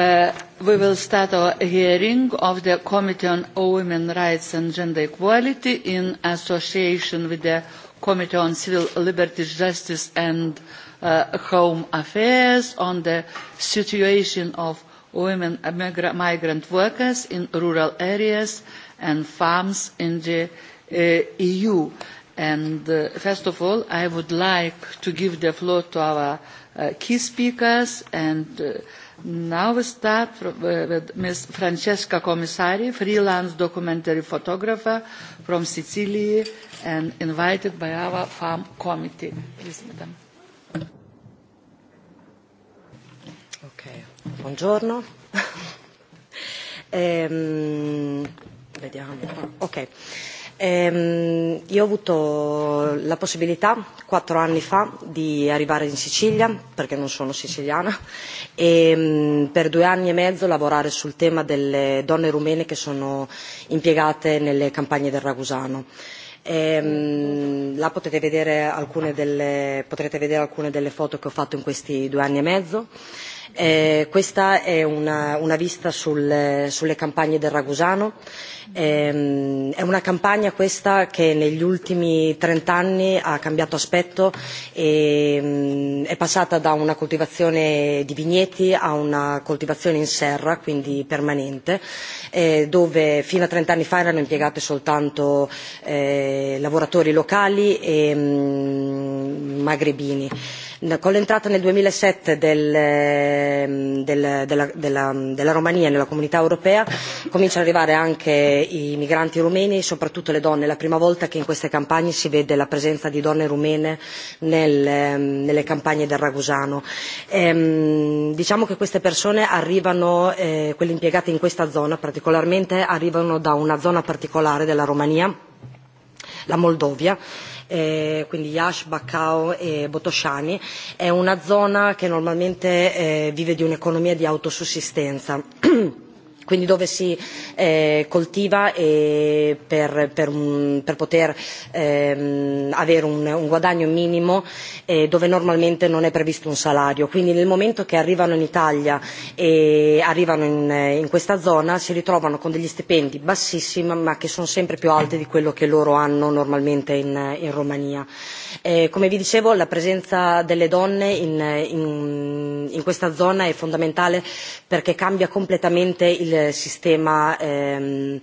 Uh, we will start our hearing of the Committee on Women Rights and Gender Equality in association with the Committee on Civil Liberties, Justice and uh, Home Affairs on the situation of women uh, migra migrant workers in rural areas and farms in the uh, EU. And uh, first of all, I would like to give the floor to our uh, key speakers and uh, Now we start uh, with Ms. Francesca Commissari, freelance documentary photographer from Sicily and invited by our farm committee. Please, madam. Okay. Buongiorno. ehm, vediamo. Ok. Ehm, io ho avuto la possibilità quattro anni fa di arrivare in Sicilia, perché non sono siciliana, e ehm, mh, per due anni e mezzo lavorare sul tema delle donne rumene che sono impiegate nelle campagne del Ragusano. Ehm, là potete vedere alcune delle, potrete vedere alcune delle foto che ho fatto in questi due anni e mezzo. Eh, questa è una, una vista sul, sulle campagne del Ragusano. Eh, è una campagna questa che negli ultimi trent'anni ha cambiato aspetto e mm, è passata da una coltivazione di vigneti a una coltivazione in serra, quindi permanente, eh, dove fino a trent'anni fa erano impiegate soltanto eh, lavoratori locali e mh, mm, magrebini con l'entrata nel duemilasette del, ehm, del, della, della, della Romania nella comunità europea cominciano ad arrivare anche i migranti rumeni, soprattutto le donne. È la prima volta che in queste campagne si vede la presenza di donne rumene nel, ehm, nelle campagne del Ragusano. Ehm, diciamo che queste persone arrivano, eh, quelle impiegate in questa zona particolarmente, arrivano da una zona particolare della Romania, la Moldovia, eh, quindi Yash, Bacao e Botosciani, è una zona che normalmente eh, vive di un'economia di autosussistenza. quindi dove si eh, coltiva e per, per, un, per poter ehm, avere un, un guadagno minimo eh, dove normalmente non è previsto un salario. Quindi nel momento che arrivano in Italia e arrivano in, in questa zona si ritrovano con degli stipendi bassissimi ma che sono sempre più alti di quello che loro hanno normalmente in, in Romania. Eh, come vi dicevo, la presenza delle donne in, in, in questa zona è fondamentale perché cambia completamente il sistema ehm,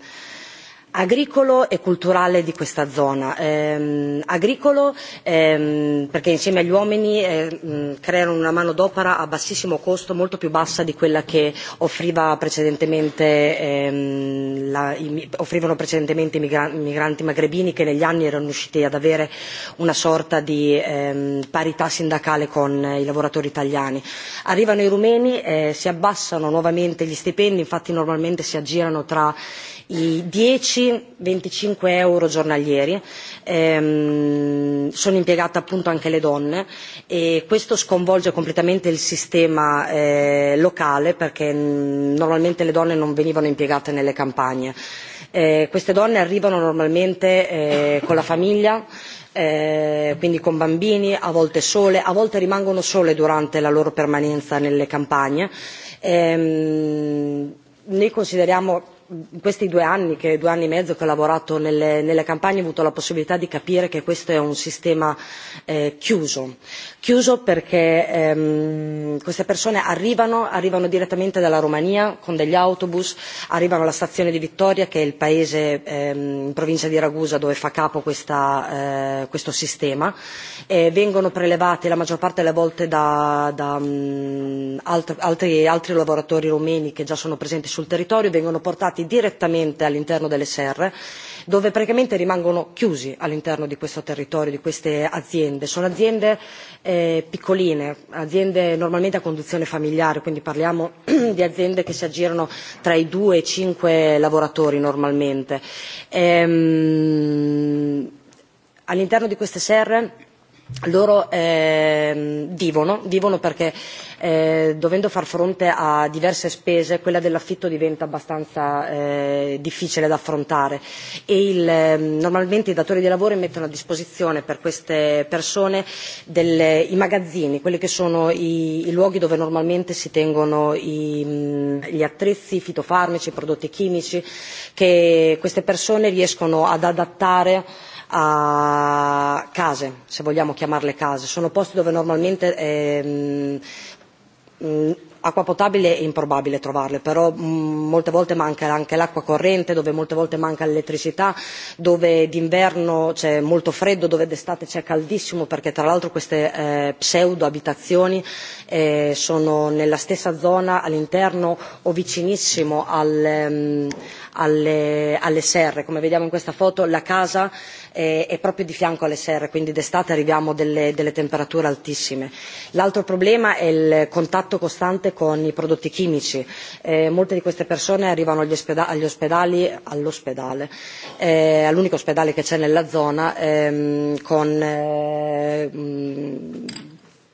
agricolo e culturale di questa zona. Ehm, agricolo ehm, perché insieme agli uomini ehm, creano una manodopera a bassissimo costo, molto più bassa di quella che offriva precedentemente, ehm, la, i, offrivano precedentemente i migra- migranti magrebini che negli anni erano riusciti ad avere una sorta di ehm, parità sindacale con i lavoratori italiani. Arrivano i rumeni, eh, si abbassano nuovamente gli stipendi, infatti normalmente si aggirano tra i 10 25, 25 euro giornalieri, ehm, sono impiegate appunto anche le donne e questo sconvolge completamente il sistema eh, locale perché mh, mm, normalmente le donne non venivano impiegate nelle campagne. Eh, queste donne arrivano normalmente eh, con la famiglia, eh, quindi con bambini, a volte sole, a volte rimangono sole durante la loro permanenza nelle campagne. Eh, noi consideriamo in questi due anni, che, due anni e mezzo che ho lavorato nelle, nelle campagne ho avuto la possibilità di capire che questo è un sistema eh, chiuso chiuso perché ehm, queste persone arrivano, arrivano direttamente dalla Romania con degli autobus, arrivano alla stazione di Vittoria che è il paese ehm, in provincia di Ragusa dove fa capo questa, eh, questo sistema, e vengono prelevati la maggior parte delle volte da, da mh, mm, alt- altri, altri lavoratori rumeni che già sono presenti sul territorio, vengono portati direttamente all'interno delle serre dove praticamente rimangono chiusi all'interno di questo territorio, di queste aziende. Sono aziende eh, piccoline, aziende normalmente a conduzione familiare, quindi parliamo di aziende che si aggirano tra i 2 e i 5 lavoratori normalmente. Ehm, all'interno di queste serre loro eh, vivono, vivono perché eh, dovendo far fronte a diverse spese quella dell'affitto diventa abbastanza eh, difficile da affrontare e il, eh, normalmente i datori di lavoro mettono a disposizione per queste persone delle, i magazzini, quelli che sono i, i luoghi dove normalmente si tengono i, mm, gli attrezzi, i fitofarmaci, i prodotti chimici che queste persone riescono ad adattare a case, se vogliamo chiamarle case. Sono posti dove normalmente ehm, mh, acqua potabile è improbabile trovarle, però mh, molte volte manca anche l'acqua corrente, dove molte volte manca l'elettricità, dove d'inverno c'è molto freddo, dove d'estate c'è caldissimo, perché tra l'altro queste eh, pseudo abitazioni eh, sono nella stessa zona all'interno o vicinissimo al, mh, ehm, alle, alle serre. Come vediamo in questa foto la casa e, e proprio di fianco alle serre, quindi d'estate arriviamo a delle, delle temperature altissime. L'altro problema è il contatto costante con i prodotti chimici. Eh, molte di queste persone arrivano agli, ospeda- agli ospedali, all'ospedale, eh, all'unico ospedale che c'è nella zona, ehm, con eh, mh, mm,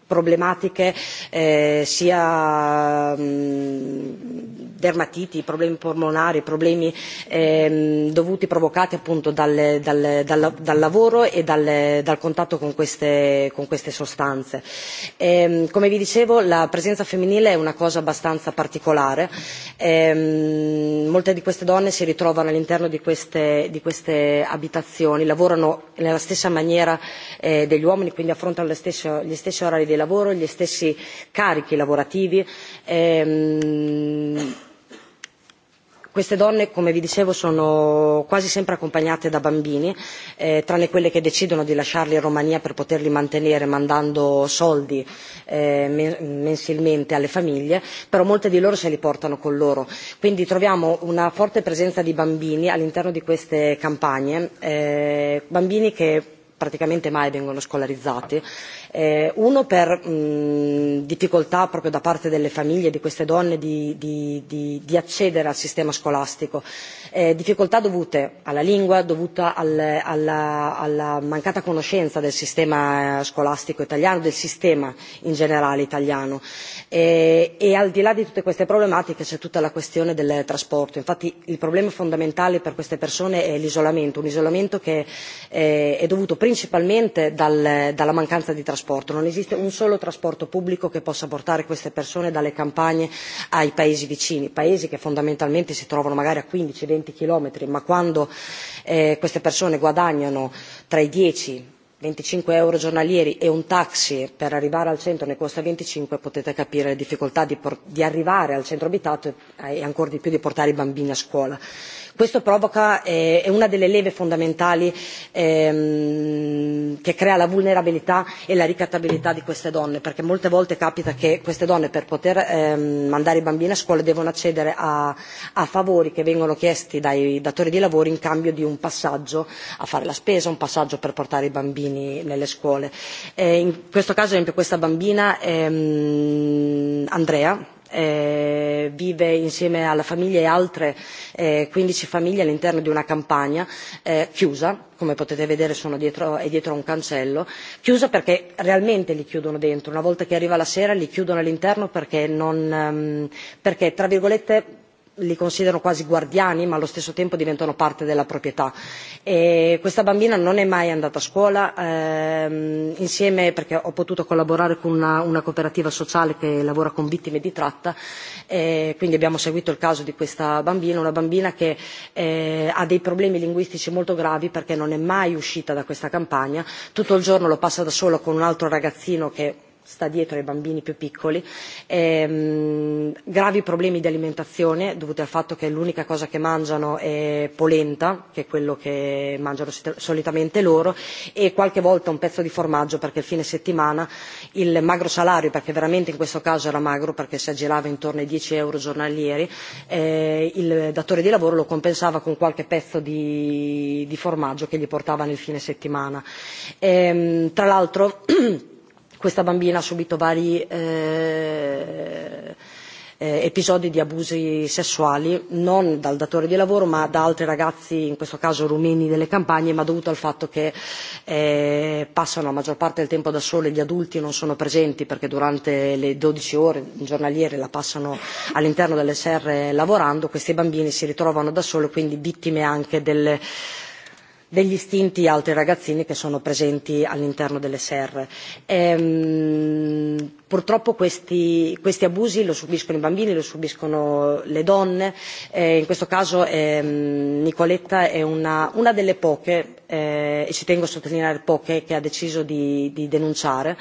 problematiche eh, sia mh, mm, dermatiti, problemi polmonari, problemi ehm, dovuti, provocati appunto dal, dal, dal, dal lavoro e dal, dal contatto con queste, con queste sostanze. Ehm, come vi dicevo la presenza femminile è una cosa abbastanza particolare, ehm, molte di queste donne si ritrovano all'interno di queste, di queste abitazioni, lavorano nella stessa maniera eh, degli uomini, quindi affrontano le stesse, gli stessi orari di lavoro, gli stessi carichi lavorativi. Ehm, queste donne come vi dicevo sono quasi sempre accompagnate da bambini eh, tranne quelle che decidono di lasciarli in Romania per poterli mantenere mandando soldi eh, mensilmente alle famiglie però molte di loro se li portano con loro quindi troviamo una forte presenza di bambini all'interno di queste campagne eh, bambini che praticamente mai vengono scolarizzati eh, uno per mh, mm, difficoltà proprio da parte delle famiglie di queste donne di, di, di, di accedere al sistema scolastico, eh, difficoltà dovute alla lingua, dovuta al, alla, alla mancata conoscenza del sistema eh, scolastico italiano, del sistema in generale italiano e, e al di là di tutte queste problematiche c'è tutta la questione del trasporto, infatti il problema fondamentale per queste persone è l'isolamento, un isolamento che eh, è dovuto principalmente dal, dalla mancanza di trasporto trasporto non esiste un solo trasporto pubblico che possa portare queste persone dalle campagne ai paesi vicini paesi che fondamentalmente si trovano magari a quindici venti chilometri ma quando eh, queste persone guadagnano tra i dieci venticinque euro giornalieri e un taxi per arrivare al centro ne costa venticinque potete capire le difficoltà di, di arrivare al centro abitato e, e ancor di più di portare i bambini a scuola. Questo provoca, eh, è una delle leve fondamentali ehm, che crea la vulnerabilità e la ricattabilità di queste donne, perché molte volte capita che queste donne per poter ehm, mandare i bambini a scuola devono accedere a, a favori che vengono chiesti dai datori di lavoro in cambio di un passaggio a fare la spesa, un passaggio per portare i bambini nelle scuole. Eh, in questo caso, ad esempio, questa bambina ehm, Andrea eh, vive insieme alla famiglia e altre eh, 15 famiglie all'interno di una campagna eh, chiusa come potete vedere sono dietro, è dietro a un cancello, chiusa perché realmente li chiudono dentro, una volta che arriva la sera li chiudono all'interno perché, non, ehm, perché tra virgolette li considero quasi guardiani ma allo stesso tempo diventano parte della proprietà e questa bambina non è mai andata a scuola ehm, insieme perché ho potuto collaborare con una, una cooperativa sociale che lavora con vittime di tratta eh, quindi abbiamo seguito il caso di questa bambina una bambina che eh, ha dei problemi linguistici molto gravi perché non è mai uscita da questa campagna tutto il giorno lo passa da sola con un altro ragazzino che sta dietro ai bambini più piccoli, ehm, gravi problemi di alimentazione dovuti al fatto che l'unica cosa che mangiano è polenta, che è quello che mangiano solitamente loro, e qualche volta un pezzo di formaggio perché il fine settimana il magro salario, perché veramente in questo caso era magro perché si aggirava intorno ai 10 euro giornalieri, eh, il datore di lavoro lo compensava con qualche pezzo di, di formaggio che gli portava nel fine settimana. Ehm, tra l'altro questa bambina ha subito vari eh, eh, episodi di abusi sessuali non dal datore di lavoro ma da altri ragazzi in questo caso rumeni delle campagne ma dovuto al fatto che eh, passano la maggior parte del tempo da sole gli adulti non sono presenti perché durante le dodici ore giornaliere la passano all'interno delle serre lavorando questi bambini si ritrovano da soli quindi vittime anche delle degli istinti altri ragazzini che sono presenti all'interno delle serre. Ehm, purtroppo questi, questi abusi lo subiscono i bambini, lo subiscono le donne, eh, in questo caso ehm, Nicoletta è una, una delle poche, eh, e ci tengo a sottolineare poche, che ha deciso di, di denunciare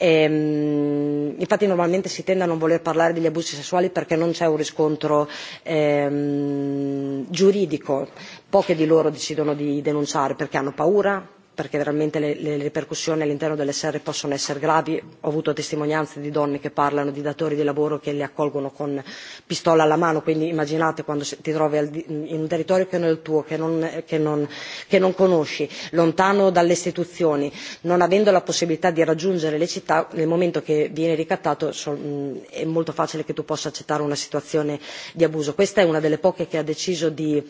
Ehm, infatti normalmente si tende a non voler parlare degli abusi sessuali perché non c'è un riscontro ehm, giuridico. Poche di loro decidono di denunciare perché hanno paura, perché veramente le, le ripercussioni all'interno delle serre possono essere gravi. Ho avuto testimonianze di donne che parlano di datori di lavoro che le accolgono con pistola alla mano, quindi immaginate quando ti trovi al, in un territorio che non è il tuo, che non, che, non, che non conosci, lontano dalle istituzioni, non avendo la possibilità di raggiungere le città, nel momento che vieni ricattato so, mh, è molto facile che tu possa accettare una situazione di abuso. Questa è una delle poche che ha deciso di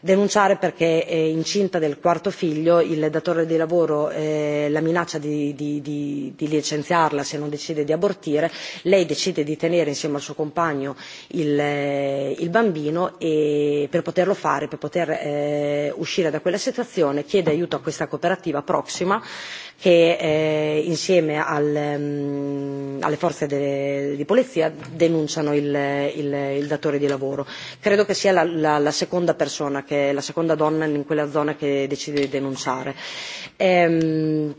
denunciare perché eh, incinta del quarto figlio il datore di lavoro eh, la minaccia di, di, di, di licenziarla se non decide di abortire, lei decide di tenere insieme al suo compagno il, eh, il bambino e per poterlo fare, per poter eh, uscire da quella situazione chiede aiuto a questa cooperativa prossima che eh, insieme al, um, alle forze de, di polizia denunciano il, il, il datore di lavoro. Credo che sia la, la, la seconda persona, che, la seconda donna in quella zona che decide di denunciare. Ehm,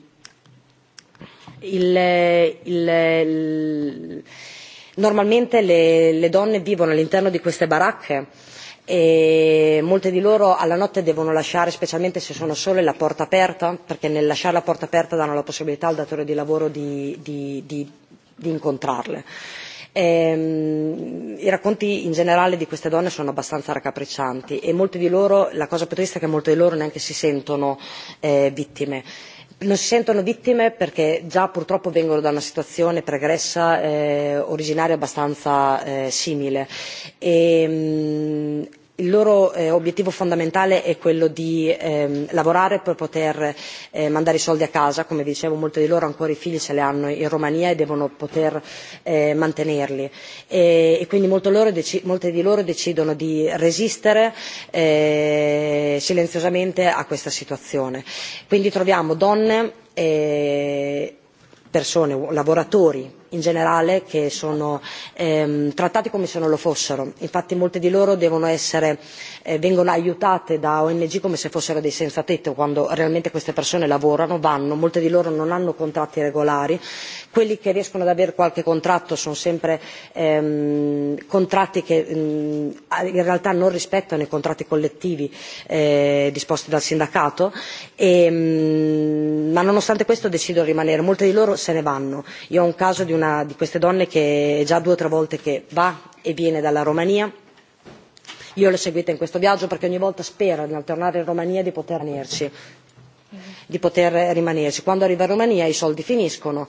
il, il, il, normalmente le, le donne vivono all'interno di queste baracche e molte di loro alla notte devono lasciare specialmente se sono sole la porta aperta perché nel lasciare la porta aperta danno la possibilità al datore di lavoro di, di, di, di incontrarle. Ehm, I racconti in generale di queste donne sono abbastanza raccapriccianti e molte di loro, la cosa più triste è che molte di loro neanche si sentono eh, vittime non si sentono vittime perché già purtroppo vengono da una situazione pregressa eh, originaria abbastanza eh, simile e, ehm, mh, il loro eh, obiettivo fondamentale è quello di ehm, lavorare per poter eh, mandare i soldi a casa come vi dicevo molti di loro ancora i figli ce li hanno in Romania e devono poter eh, mantenerli e, e quindi molto loro deci- molti di loro decidono di resistere eh, silenziosamente a questa situazione quindi troviamo donne eh, persone lavoratori in generale che sono ehm, trattati come se non lo fossero. Infatti molte di loro devono essere, eh, vengono aiutate da ONG come se fossero dei senza tetto quando realmente queste persone lavorano, vanno, molte di loro non hanno contratti regolari, quelli che riescono ad avere qualche contratto sono sempre ehm, contratti che mh, mm, in realtà non rispettano i contratti collettivi eh, disposti dal sindacato, e, mh, mm, ma nonostante questo decidono di rimanere, molte di loro se ne vanno. Io ho un caso di una di queste donne che è già due o tre volte che va e viene dalla Romania. Io l'ho seguita in questo viaggio perché ogni volta spera nel tornare in Romania e di poter rimanerci. Di poter rimanerci. Quando arriva in Romania i soldi finiscono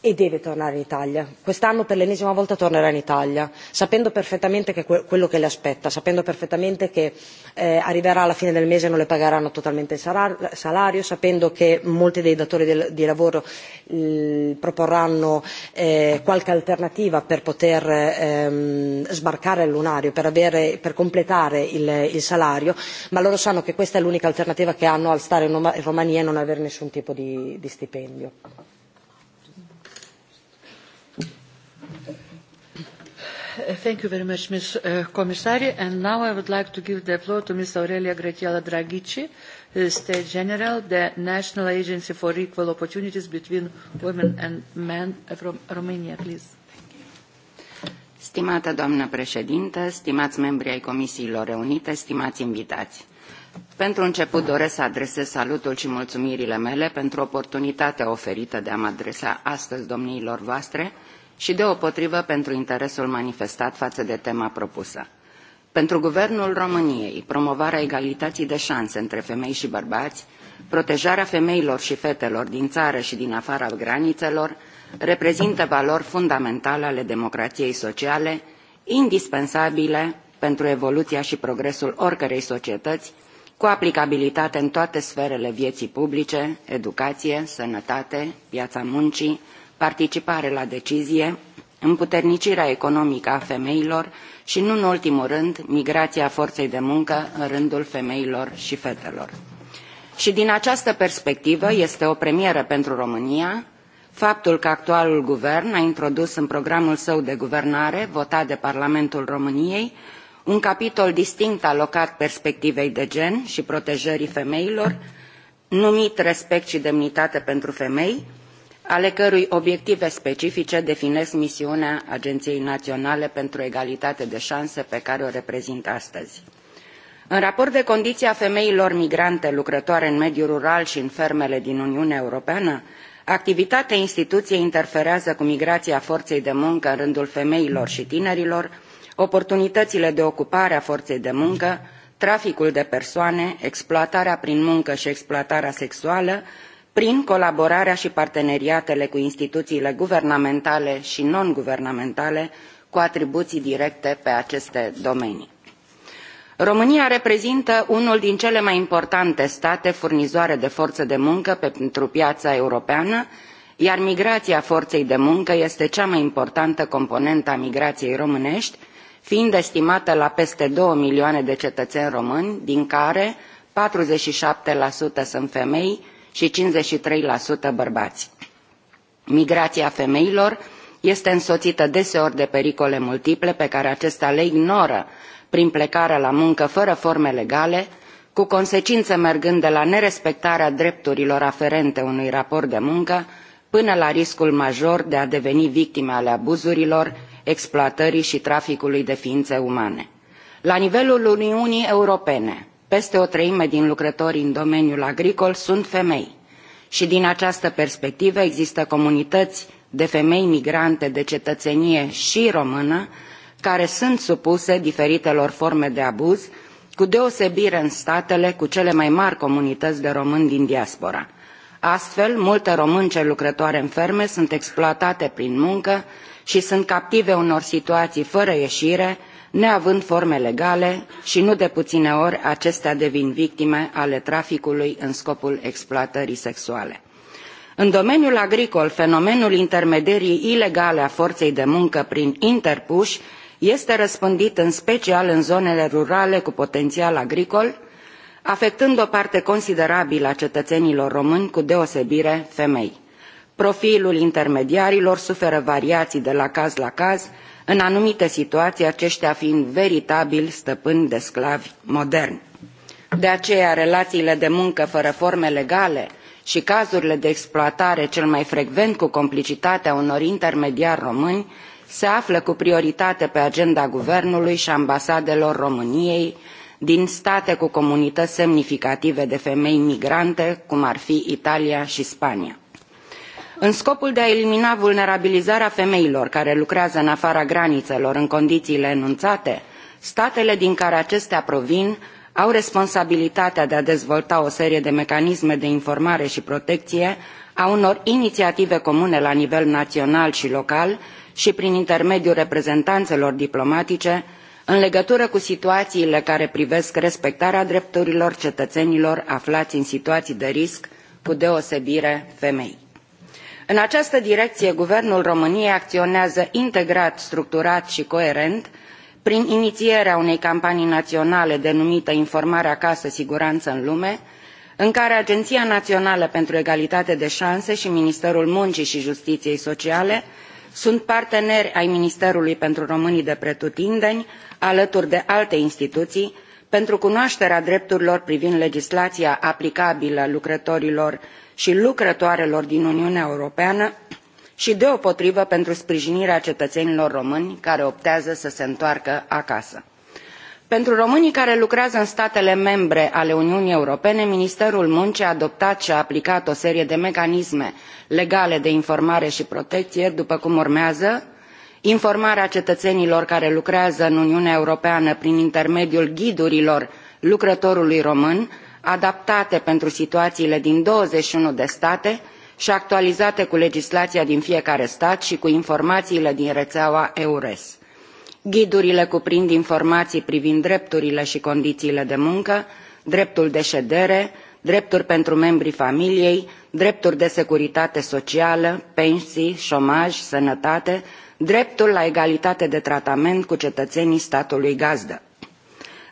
e deve tornare in Italia. Quest'anno per l'ennesima volta tornerà in Italia, sapendo perfettamente che que- quello che le aspetta, sapendo perfettamente che eh, arriverà alla fine del mese e non le pagheranno totalmente il salar- salario, sapendo che molti dei datori del- di lavoro eh, proporranno eh, qualche alternativa per poter ehm, sbarcare il lunario, per, avere, per completare il, il salario, ma loro sanno che questa è l'unica alternativa che hanno al stare in, Roma- in Romania e non avere nessun tipo di, di stipendio. Thank you very much, Ms. Uh, Commissary. And now I would like to give the floor to Ms. Aurelia Gratiela Dragici, uh, State General, the National Agency for Equal Opportunities Between Women and Men from Romania, please. Stimată doamnă președintă, stimați membri ai Comisiilor Reunite, stimați invitați. Pentru început doresc să adresez salutul și mulțumirile mele pentru oportunitatea oferită de a mă adresa astăzi domniilor voastre, și deopotrivă pentru interesul manifestat față de tema propusă. Pentru Guvernul României, promovarea egalității de șanse între femei și bărbați, protejarea femeilor și fetelor din țară și din afara granițelor, reprezintă valori fundamentale ale democrației sociale, indispensabile pentru evoluția și progresul oricărei societăți, cu aplicabilitate în toate sferele vieții publice, educație, sănătate, piața muncii, participare la decizie, împuternicirea economică a femeilor și, nu în ultimul rând, migrația forței de muncă în rândul femeilor și fetelor. Și din această perspectivă este o premieră pentru România faptul că actualul guvern a introdus în programul său de guvernare, votat de Parlamentul României, un capitol distinct alocat perspectivei de gen și protejării femeilor, numit Respect și demnitate pentru femei, ale cărui obiective specifice definesc misiunea Agenției Naționale pentru Egalitate de Șanse pe care o reprezint astăzi. În raport de condiția femeilor migrante lucrătoare în mediul rural și în fermele din Uniunea Europeană, activitatea instituției interferează cu migrația forței de muncă în rândul femeilor și tinerilor, oportunitățile de ocupare a forței de muncă, traficul de persoane, exploatarea prin muncă și exploatarea sexuală, prin colaborarea și parteneriatele cu instituțiile guvernamentale și non-guvernamentale cu atribuții directe pe aceste domenii. România reprezintă unul din cele mai importante state furnizoare de forță de muncă pentru piața europeană, iar migrația forței de muncă este cea mai importantă componentă a migrației românești, fiind estimată la peste 2 milioane de cetățeni români, din care 47% sunt femei, și 53% bărbați. Migrația femeilor este însoțită deseori de pericole multiple pe care acestea le ignoră prin plecarea la muncă fără forme legale, cu consecințe mergând de la nerespectarea drepturilor aferente unui raport de muncă până la riscul major de a deveni victime ale abuzurilor, exploatării și traficului de ființe umane. La nivelul Uniunii Europene, peste o treime din lucrătorii în domeniul agricol sunt femei și din această perspectivă există comunități de femei migrante de cetățenie și română care sunt supuse diferitelor forme de abuz cu deosebire în statele cu cele mai mari comunități de români din diaspora. Astfel, multe românce lucrătoare în ferme sunt exploatate prin muncă și sunt captive unor situații fără ieșire, neavând forme legale și nu de puține ori acestea devin victime ale traficului în scopul exploatării sexuale. În domeniul agricol, fenomenul intermedierii ilegale a forței de muncă prin interpuși este răspândit în special în zonele rurale cu potențial agricol, afectând o parte considerabilă a cetățenilor români, cu deosebire femei. Profilul intermediarilor suferă variații de la caz la caz, în anumite situații aceștia fiind veritabili stăpâni de sclavi moderni. De aceea, relațiile de muncă fără forme legale și cazurile de exploatare cel mai frecvent cu complicitatea unor intermediari români se află cu prioritate pe agenda guvernului și ambasadelor României din state cu comunități semnificative de femei migrante, cum ar fi Italia și Spania în scopul de a elimina vulnerabilizarea femeilor care lucrează în afara granițelor în condițiile enunțate statele din care acestea provin au responsabilitatea de a dezvolta o serie de mecanisme de informare și protecție a unor inițiative comune la nivel național și local și prin intermediul reprezentanțelor diplomatice în legătură cu situațiile care privesc respectarea drepturilor cetățenilor aflați în situații de risc cu deosebire femei în această direcție guvernul româniei acționează integrat structurat și coerent prin inițierea unei campanii naționale denumită informare acasă siguranță în lume în care agenția națională pentru egalitate de șanse și ministerul muncii și justiției sociale sunt parteneri ai ministerului pentru românii de pretutindeni alături de alte instituții pentru cunoașterea drepturilor privind legislația aplicabilă lucrătorilor și lucrătoarelor din uniunea europeană și deopotrivă pentru sprijinirea cetățenilor români care optează să se întoarcă acasă. Pentru românii care lucrează în statele membre ale Uniunii Europene, Ministerul Muncii a adoptat și a aplicat o serie de mecanisme legale de informare și protecție, după cum urmează informarea cetățenilor care lucrează în Uniunea Europeană prin intermediul ghidurilor lucrătorului român, adaptate pentru situațiile din 21 de state și actualizate cu legislația din fiecare stat și cu informațiile din rețeaua EURES. Ghidurile cuprind informații privind drepturile și condițiile de muncă, dreptul de ședere, drepturi pentru membrii familiei, drepturi de securitate socială, pensii, șomaj, sănătate, dreptul la egalitate de tratament cu cetățenii statului gazdă.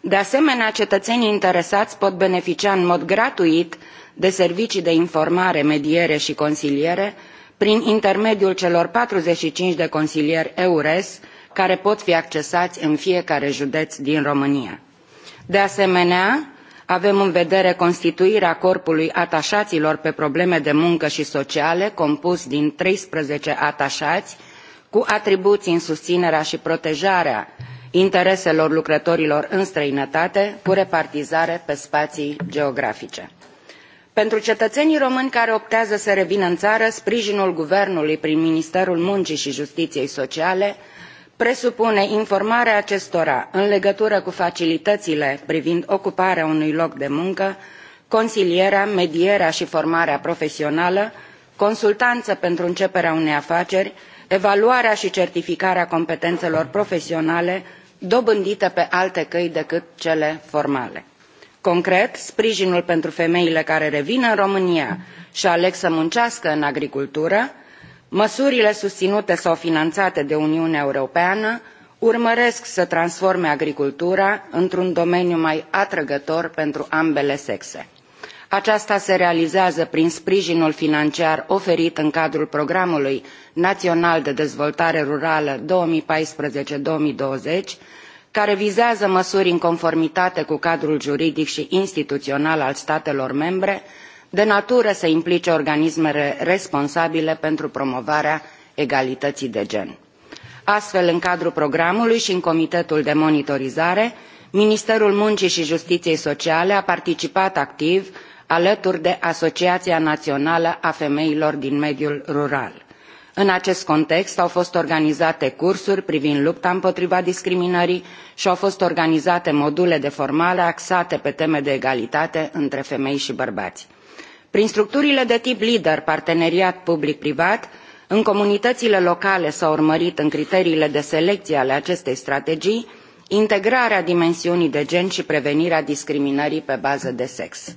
De asemenea, cetățenii interesați pot beneficia în mod gratuit de servicii de informare, mediere și consiliere prin intermediul celor 45 de consilieri EURES care pot fi accesați în fiecare județ din România. De asemenea, avem în vedere constituirea corpului atașaților pe probleme de muncă și sociale, compus din 13 atașați, cu atribuții în susținerea și protejarea intereselor lucrătorilor în străinătate cu repartizare pe spații geografice. Pentru cetățenii români care optează să revină în țară, sprijinul Guvernului prin Ministerul Muncii și Justiției Sociale presupune informarea acestora în legătură cu facilitățile privind ocuparea unui loc de muncă, consilierea, medierea și formarea profesională, consultanță pentru începerea unei afaceri, evaluarea și certificarea competențelor profesionale dobândită pe alte căi decât cele formale. Concret, sprijinul pentru femeile care revin în România și aleg să muncească în agricultură, măsurile susținute sau finanțate de Uniunea Europeană urmăresc să transforme agricultura într-un domeniu mai atrăgător pentru ambele sexe Aceasta se realizează prin sprijinul financiar oferit în cadrul Programului Național de Dezvoltare Rurală 2014-2020, care vizează măsuri în conformitate cu cadrul juridic și instituțional al statelor membre, de natură să implice organismele responsabile pentru promovarea egalității de gen. Astfel, în cadrul programului și în Comitetul de Monitorizare, Ministerul Muncii și Justiției Sociale a participat activ alături de asociația națională a femeilor din mediul rural. în acest context au fost organizate cursuri privind lupta împotriva discriminării și au fost organizate module de formare axate pe teme de egalitate între femei și bărbați. prin structurile de tip leader parteneriat public privat în comunitățile locale s a urmărit în criteriile de selecție ale acestei strategii integrarea dimensiunii de gen și prevenirea discriminării pe bază de sex.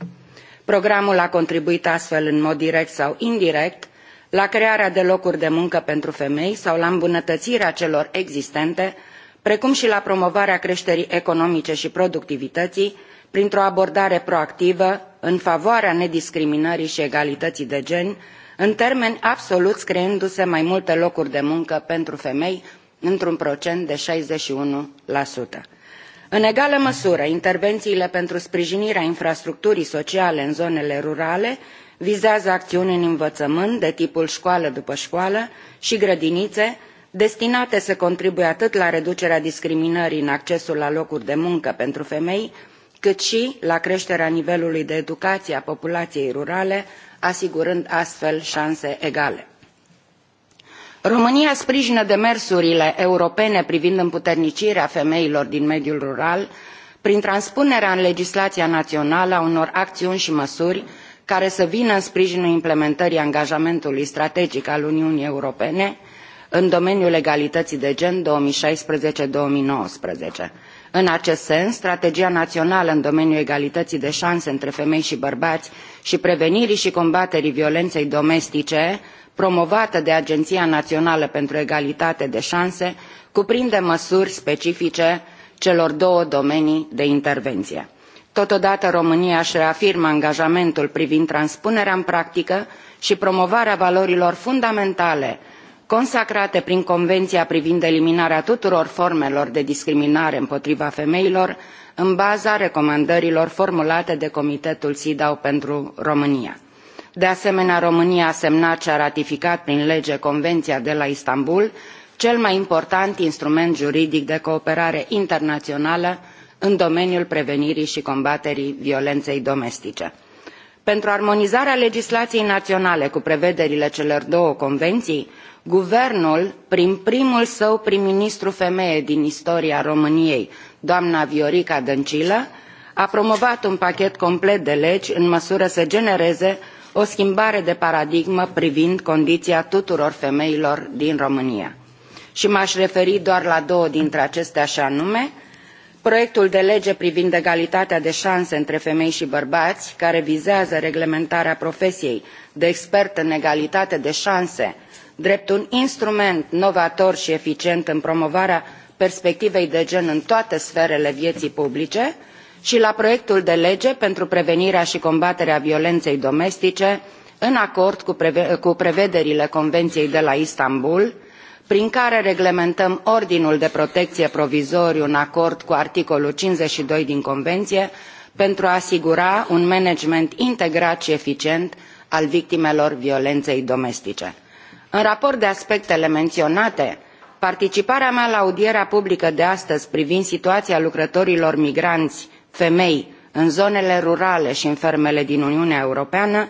Programul a contribuit astfel în mod direct sau indirect la crearea de locuri de muncă pentru femei sau la îmbunătățirea celor existente, precum și la promovarea creșterii economice și productivității printr-o abordare proactivă în favoarea nediscriminării și egalității de gen, în termeni absoluți creându-se mai multe locuri de muncă pentru femei, într-un procent de 61% în egală măsură intervențiile pentru sprijinirea infrastructurii sociale în zonele rurale vizează acțiuni în învățământ de tipul școală după școală și grădinițe destinate să contribuie atât la reducerea discriminării în accesul la locuri de muncă pentru femei cât și la creșterea nivelului de educație a populației rurale asigurând astfel șanse egale românia sprijină demersurile europene privind împuternicirea femeilor din mediul rural prin transpunerea în legislația națională a unor acțiuni și măsuri care să vină în sprijinul implementării angajamentului strategic al uniunii europene în domeniul egalității de gen două mii șaisprezece două mii nouăsprezece în acest sens strategia națională în domeniul egalității de șanse între femei și bărbați și prevenirii și combaterii violenței domestice promovată de agenția națională pentru egalitate de șanse cuprinde măsuri specifice celor două domenii de intervenție. totodată românia își reafirmă angajamentul privind transpunerea în practică și promovarea valorilor fundamentale ale consacrate prin Convenția privind eliminarea tuturor formelor de discriminare împotriva femeilor, în baza recomandărilor formulate de Comitetul SIDAU pentru România. De asemenea, România a semnat și a ratificat prin lege Convenția de la Istanbul, cel mai important instrument juridic de cooperare internațională în domeniul prevenirii și combaterii violenței domestice pentru armonizarea legislației naționale cu prevederile celor două convenții guvernul prin primul său prim ministru femeie din istoria româniei doamna viorica dăncilă a promovat un pachet complet de legi în măsură să genereze o schimbare de paradigmă privind condiția tuturor femeilor din românia și m aș referi doar la două dintre acestea și anume proiectul de lege privind egalitatea de șanse între femei și bărbați care vizează reglementarea profesiei de expert în egalitate de șanse drept un instrument novator și eficient în promovarea perspectivei de gen în toate sferele vieții publice și la proiectul de lege pentru prevenirea și combaterea violenței domestice în acord cu prevederile convenției de la istanbul prin care reglementăm ordinul de protecție provizoriu în acord cu articolul 52 din Convenție pentru a asigura un management integrat și eficient al victimelor violenței domestice. În raport de aspectele menționate, participarea mea la audierea publică de astăzi privind situația lucrătorilor migranți femei în zonele rurale și în fermele din Uniunea Europeană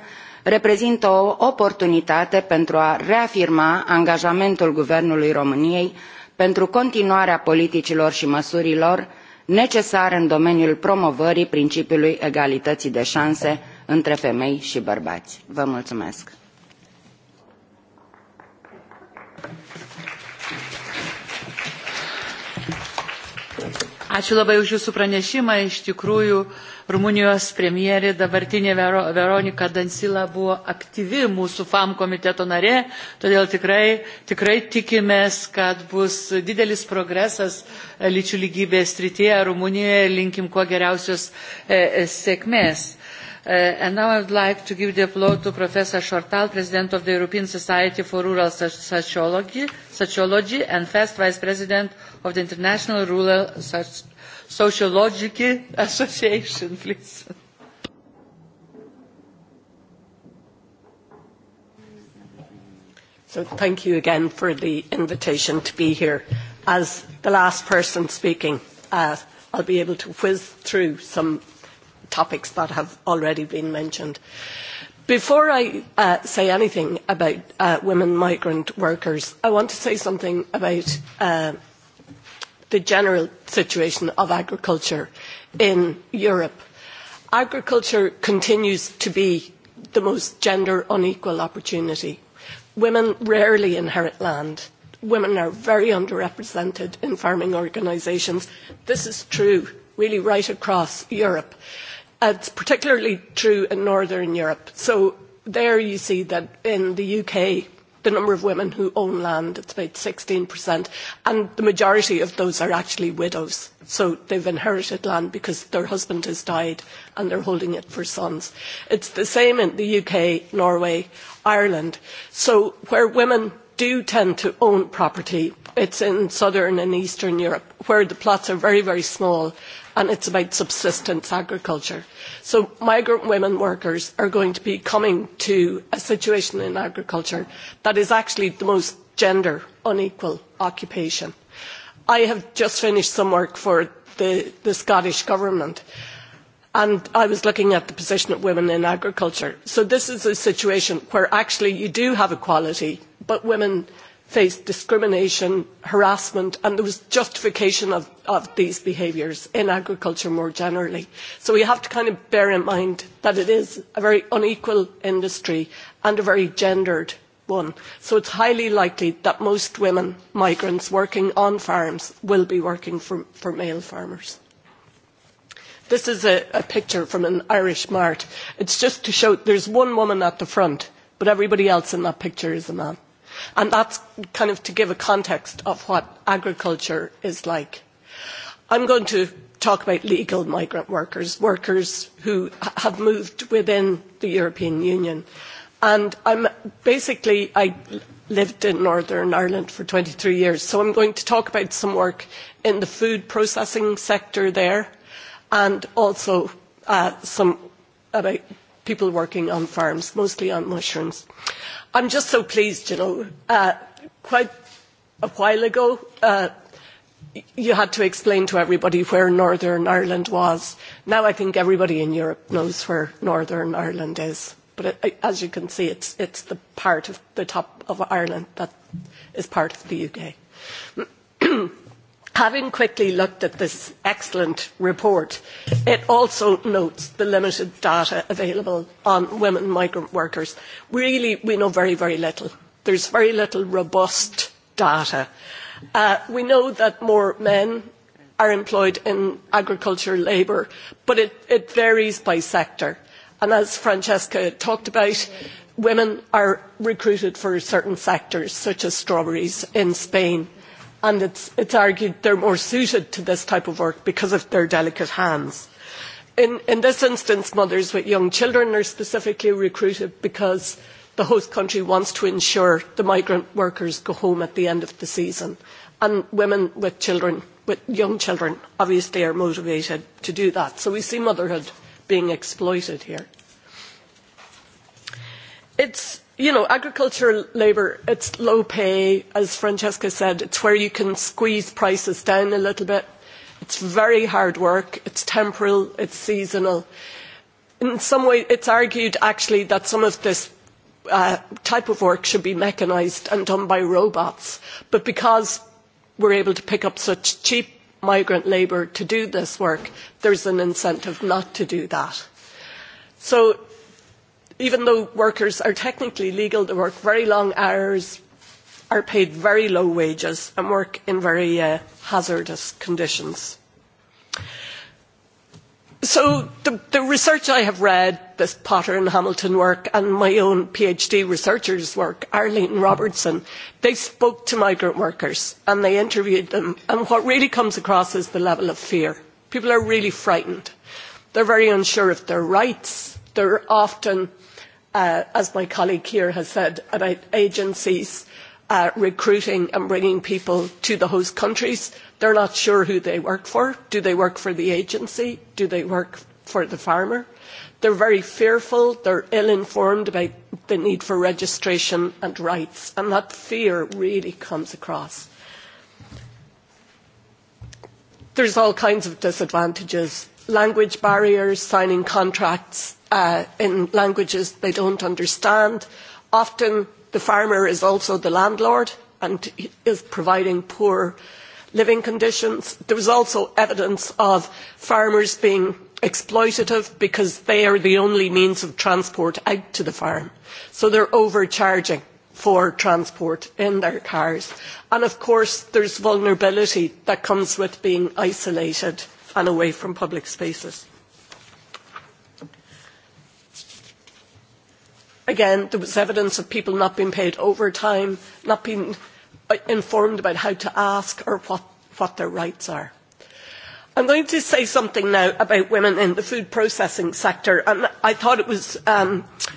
reprezintă o oportunitate pentru a reafirma angajamentul guvernului româniei pentru continuarea politicilor și măsurilor necesare în domeniul promovării principiului egalității de șanse între femei și bărbați. Vă mulțumesc! Ačiū labai už Jūsų pranešimą. Iš tikrųjų, Rumunijos premjerė dabartinė Vero, Veronika Dansila buvo aktyvi mūsų FAM komiteto narė, todėl tikrai, tikrai tikimės, kad bus didelis progresas e, lyčių lygybės srityje Rumunijoje. Linkim kuo geriausios e, e, sėkmės. Uh, and now I would like to give the floor to Professor Shortal, President of the European Society for Rural Sociology, Sociology and first Vice President of the International Rural Sociological Association, please. So thank you again for the invitation to be here. As the last person speaking, uh, I'll be able to whiz through some topics that have already been mentioned. Before I uh, say anything about uh, women migrant workers, I want to say something about uh, the general situation of agriculture in Europe. Agriculture continues to be the most gender unequal opportunity. Women rarely inherit land. Women are very underrepresented in farming organisations. This is true really right across Europe. It's particularly true in Northern Europe. So there you see that in the UK, the number of women who own land. It's about 16%. And the majority of those are actually widows. So they've inherited land because their husband has died and they're holding it for sons. It's the same in the UK, Norway, Ireland. So where women do tend to own property, it's in southern and eastern Europe, where the plots are very, very small and it's about subsistence agriculture. So migrant women workers are going to be coming to a situation in agriculture that is actually the most gender unequal occupation. I have just finished some work for the, the Scottish Government and I was looking at the position of women in agriculture. So this is a situation where actually you do have equality, but women faced discrimination, harassment, and there was justification of, of these behaviours in agriculture more generally. So we have to kind of bear in mind that it is a very unequal industry and a very gendered one. So it's highly likely that most women migrants working on farms will be working for, for male farmers. This is a, a picture from an Irish mart. It's just to show there's one woman at the front, but everybody else in that picture is a man. And that's kind of to give a context of what agriculture is like. I'm going to talk about legal migrant workers, workers who have moved within the European Union. And I'm basically, I lived in Northern Ireland for 23 years, so I'm going to talk about some work in the food processing sector there and also uh, some about people working on farms, mostly on mushrooms. I'm just so pleased, you know, uh, quite a while ago, uh, you had to explain to everybody where Northern Ireland was. Now I think everybody in Europe knows where Northern Ireland is. But it, it, as you can see, it's, it's the part of the top of Ireland that is part of the UK. having quickly looked at this excellent report it also notes the limited data available on women migrant workers. really we know very very little. there is very little robust data. Uh, we know that more men are employed in agricultural labour but it, it varies by sector and as francesca talked about women are recruited for certain sectors such as strawberries in spain and it's, it's argued they're more suited to this type of work because of their delicate hands. In, in this instance, mothers with young children are specifically recruited because the host country wants to ensure the migrant workers go home at the end of the season. And women with children, with young children, obviously are motivated to do that. So we see motherhood being exploited here. It's you know, agricultural labour, it's low pay, as Francesca said, it's where you can squeeze prices down a little bit. It's very hard work, it's temporal, it's seasonal. In some way, it's argued actually that some of this uh, type of work should be mechanised and done by robots. But because we're able to pick up such cheap migrant labour to do this work, there's an incentive not to do that. So even though workers are technically legal to work very long hours, are paid very low wages and work in very uh, hazardous conditions. So the, the research I have read, this Potter and Hamilton work and my own PhD researchers' work, Arlene Robertson, they spoke to migrant workers and they interviewed them. And what really comes across is the level of fear. People are really frightened. They're very unsure of their rights. They're often uh, as my colleague here has said, about agencies uh, recruiting and bringing people to the host countries. They're not sure who they work for. Do they work for the agency? Do they work for the farmer? They're very fearful. They're ill-informed about the need for registration and rights, and that fear really comes across. There's all kinds of disadvantages language barriers, signing contracts uh, in languages they don't understand. Often the farmer is also the landlord and is providing poor living conditions. There was also evidence of farmers being exploitative because they are the only means of transport out to the farm. So they're overcharging for transport in their cars. And of course, there's vulnerability that comes with being isolated and away from public spaces. Again, there was evidence of people not being paid overtime, not being uh, informed about how to ask or what, what their rights are. I'm going to say something now about women in the food processing sector, and I thought it was um, uh,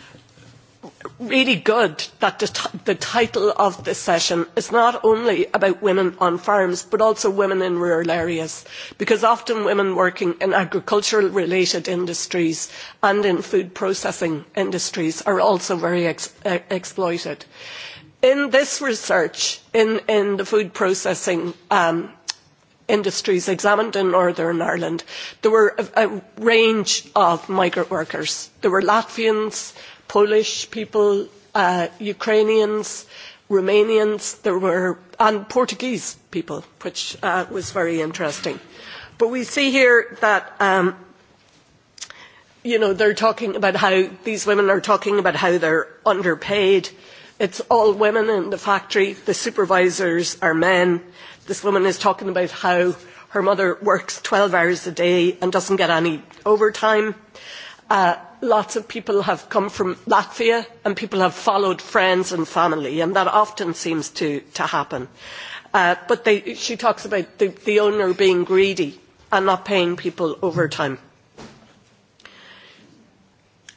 really good that the, the title of this session is not only about women on farms but also women in rural areas because often women working in agricultural related industries and in food processing industries are also very ex- uh, exploited. In this research in, in the food processing um, industries examined in Northern Ireland, there were a, a range of migrant workers. There were Latvians, Polish people, uh, Ukrainians, Romanians, there were, and Portuguese people, which uh, was very interesting. But we see here that, um, you know, they're talking about how, these women are talking about how they're underpaid. It's all women in the factory. The supervisors are men. This woman is talking about how her mother works 12 hours a day and doesn't get any overtime. Uh, lots of people have come from Latvia and people have followed friends and family, and that often seems to, to happen. Uh, but they, she talks about the, the owner being greedy and not paying people overtime.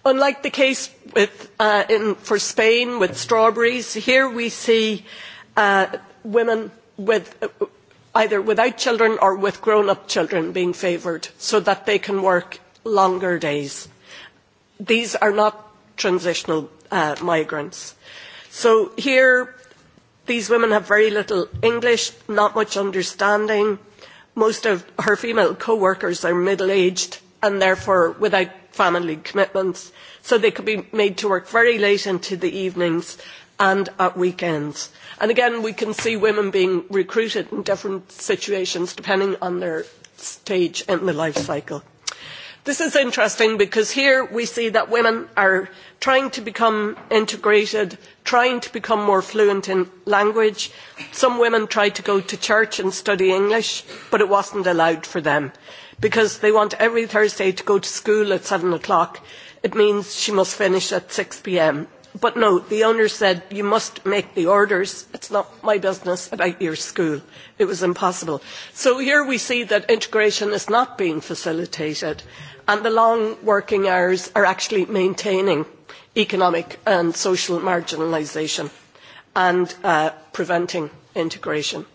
Unlike the case with, uh, in, for Spain with strawberries, here we see uh, women with, uh, either without children or with grown-up children being favoured so that they can work longer days these are not transitional uh, migrants. So here, these women have very little English, not much understanding. Most of her female co-workers are middle-aged and therefore without family commitments. So they could be made to work very late into the evenings and at weekends. And again, we can see women being recruited in different situations depending on their stage in the life cycle. This is interesting because here we see that women are trying to become integrated, trying to become more fluent in language. Some women try to go to church and study English, but it wasn't allowed for them because they want every Thursday to go to school at seven o'clock. It means she must finish at 6 p.m. But no, the owner said, you must make the orders. It's not my business about your school. It was impossible. So here we see that integration is not being facilitated and the long working hours are actually maintaining economic and social marginalisation and uh, preventing integration.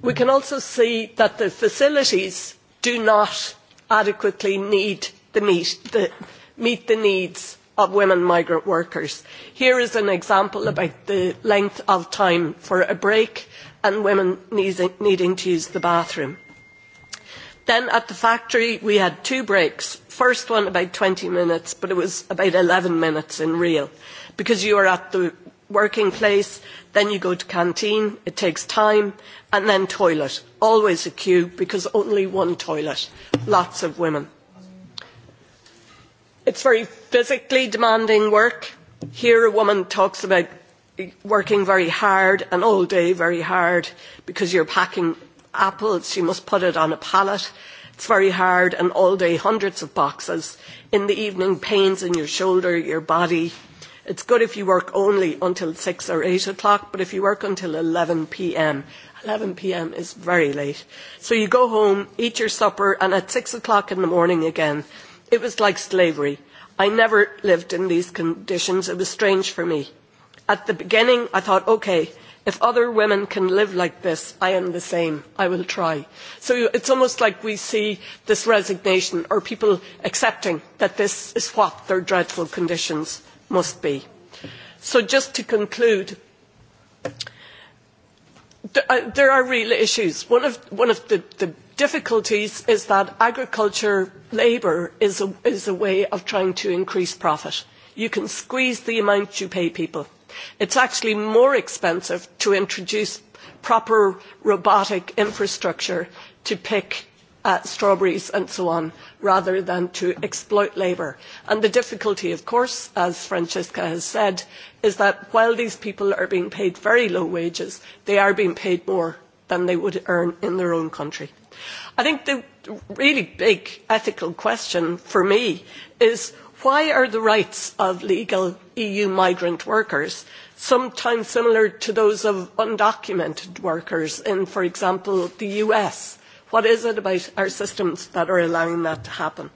We can also see that the facilities do not adequately need the meet, the, meet the needs of women migrant workers. Here is an example about the length of time for a break and women needing, needing to use the bathroom. Then at the factory, we had two breaks. First one about 20 minutes, but it was about 11 minutes in real. Because you are at the working place, then you go to canteen, it takes time, and then toilet. Always a queue because only one toilet. Lots of women. It's very physically demanding work. Here a woman talks about working very hard and all day very hard because you're packing apples, she must put it on a pallet. It's very hard and all day, hundreds of boxes. In the evening, pains in your shoulder, your body. It's good if you work only until 6 or 8 o'clock, but if you work until 11 p.m., 11 p.m. is very late. So you go home, eat your supper, and at 6 o'clock in the morning again. It was like slavery. I never lived in these conditions. It was strange for me. At the beginning, I thought, okay, if other women can live like this i am the same i will try so it's almost like we see this resignation or people accepting that this is what their dreadful conditions must be so just to conclude uh, there are real issues. One of, one of the, the difficulties is that agriculture labour is a, is a way of trying to increase profit. You can squeeze the amount you pay people It's actually more expensive to introduce proper robotic infrastructure to pick uh, strawberries and so on, rather than to exploit labour. And the difficulty, of course, as Francesca has said, is that while these people are being paid very low wages, they are being paid more than they would earn in their own country. I think the really big ethical question for me is why are the rights of legal eu migrant workers sometimes similar to those of undocumented workers in for example the us? what is it about our systems that are allowing that to happen?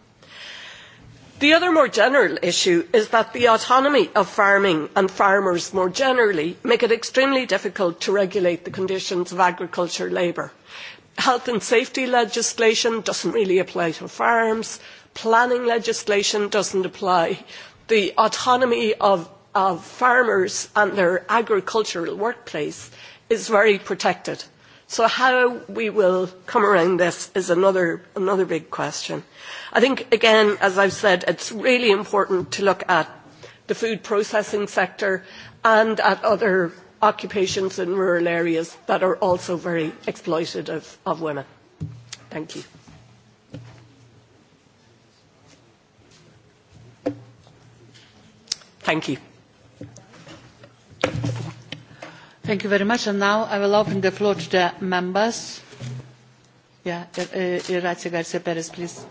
the other more general issue is that the autonomy of farming and farmers more generally make it extremely difficult to regulate the conditions of agricultural labour. health and safety legislation does not really apply to farms; planning legislation doesn't apply. The autonomy of, of farmers and their agricultural workplace is very protected. So how we will come around this is another, another big question. I think, again, as I've said, it's really important to look at the food processing sector and at other occupations in rural areas that are also very exploitative of women. Thank you. Thank you. Thank you very much. And now I will open the floor to the members. Yeah, Irache e, e, García Pérez, please.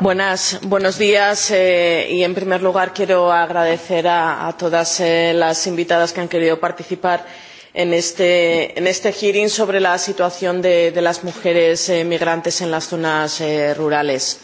Buenas, buenos días eh, y en primer lugar quiero agradecer a, a todas eh, las invitadas que han querido participar en este, en este hearing sobre la situación de, de las mujeres eh, migrantes en las zonas eh, rurales.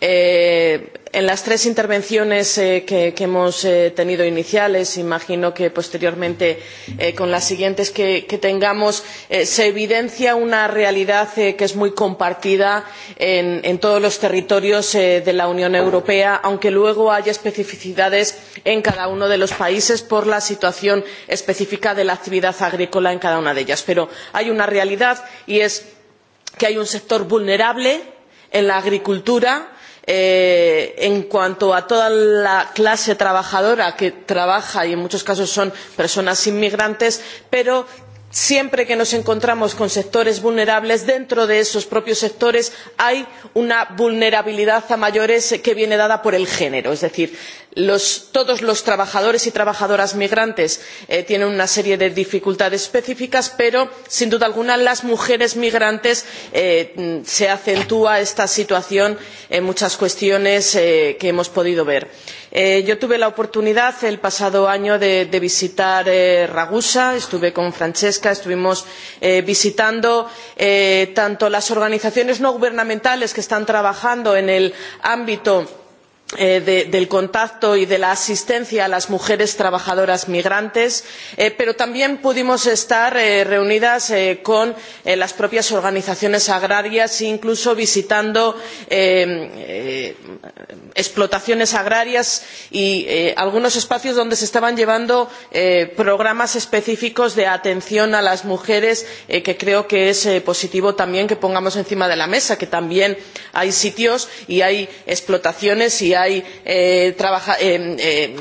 Eh, en las tres intervenciones eh, que, que hemos eh, tenido iniciales imagino que posteriormente eh, con las siguientes que, que tengamos eh, se evidencia una realidad eh, que es muy compartida en, en todos los territorios eh, de la unión europea aunque luego haya especificidades en cada uno de los países por la situación específica de la actividad agrícola en cada una de ellas. pero hay una realidad y es que hay un sector vulnerable en la agricultura eh, en cuanto a toda la clase trabajadora que trabaja y en muchos casos son personas inmigrantes pero siempre que nos encontramos con sectores vulnerables dentro de esos propios sectores hay una vulnerabilidad a mayores que viene dada por el género es decir los, todos los trabajadores y trabajadoras migrantes eh, tienen una serie de dificultades específicas pero sin duda alguna en las mujeres migrantes eh, se acentúa esta situación en muchas cuestiones eh, que hemos podido ver. por Eh, yo tuve la oportunidad el pasado año de, de visitar eh, ragusa estuve con francesca estuvimos eh, visitando eh, tanto las organizaciones no gubernamentales que están trabajando en el ámbito Eh, de, del contacto y de la asistencia a las mujeres trabajadoras migrantes eh, pero también pudimos estar eh, reunidas eh, con eh, las propias organizaciones agrarias e incluso visitando eh, explotaciones agrarias y algunos espacios donde se estaban llevando programas específicos de atención a las mujeres que creo que es positivo también que pongamos encima de la mesa que también hay sitios y hay explotaciones y hay eh, trabaja, eh, eh,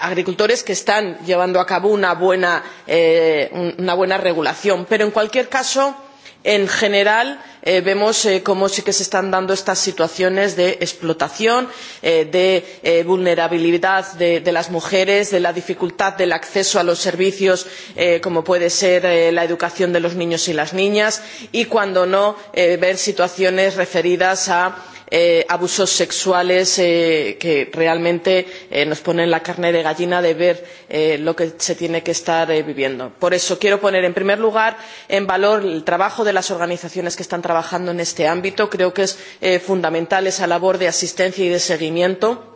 agricultores que están llevando a cabo una buena, eh, una buena regulación. Pero en cualquier caso, en general eh, vemos eh, cómo sí que se están dando estas situaciones de explotación eh, de eh, vulnerabilidad de, de las mujeres de la dificultad del acceso a los servicios eh, como puede ser eh, la educación de los niños y las niñas y cuando no ver situaciones referidas a eh, abusos sexuales eh, que realmente eh, nos ponen la carne de gallina de ver eh, lo que se tiene que estar eh, viviendo. Por eso quiero poner en primer lugar en valor el trabajo de las organizaciones que están trabajando en este ámbito. Creo que es eh, fundamental esa labor de asistencia y de seguimiento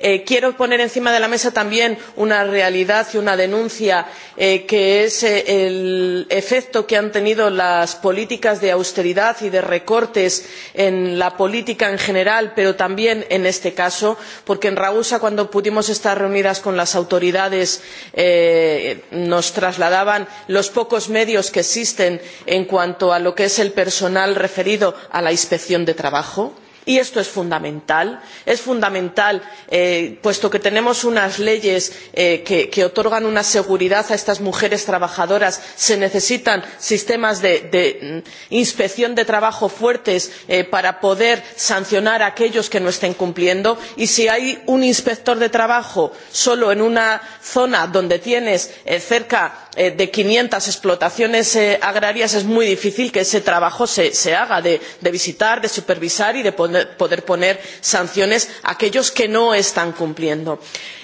Eh, quiero poner encima de la mesa también una realidad y una denuncia eh, que es eh, el efecto que han tenido las políticas de austeridad y de recortes en la política en general pero también en este caso porque en ragusa cuando pudimos estar reunidas con las autoridades eh, nos trasladaban los pocos medios que existen en cuanto a lo que es el personal referido a la inspección de trabajo y y esto es fundamental es fundamental eh, puesto que tenemos unas leyes eh, que, que otorgan una seguridad a estas mujeres trabajadoras se necesitan sistemas de, de mm, inspección de trabajo fuertes eh, para poder sancionar a aquellos que no estén cumpliendo y si hay un inspector de trabajo solo en una zona donde tienes eh, cerca Eh, de quinientos explotaciones eh, agrarias es muy difícil que ese trabajo se, se haga de, de visitar de supervisar y de poner, poder poner sanciones a aquellos que no están cumpliendo.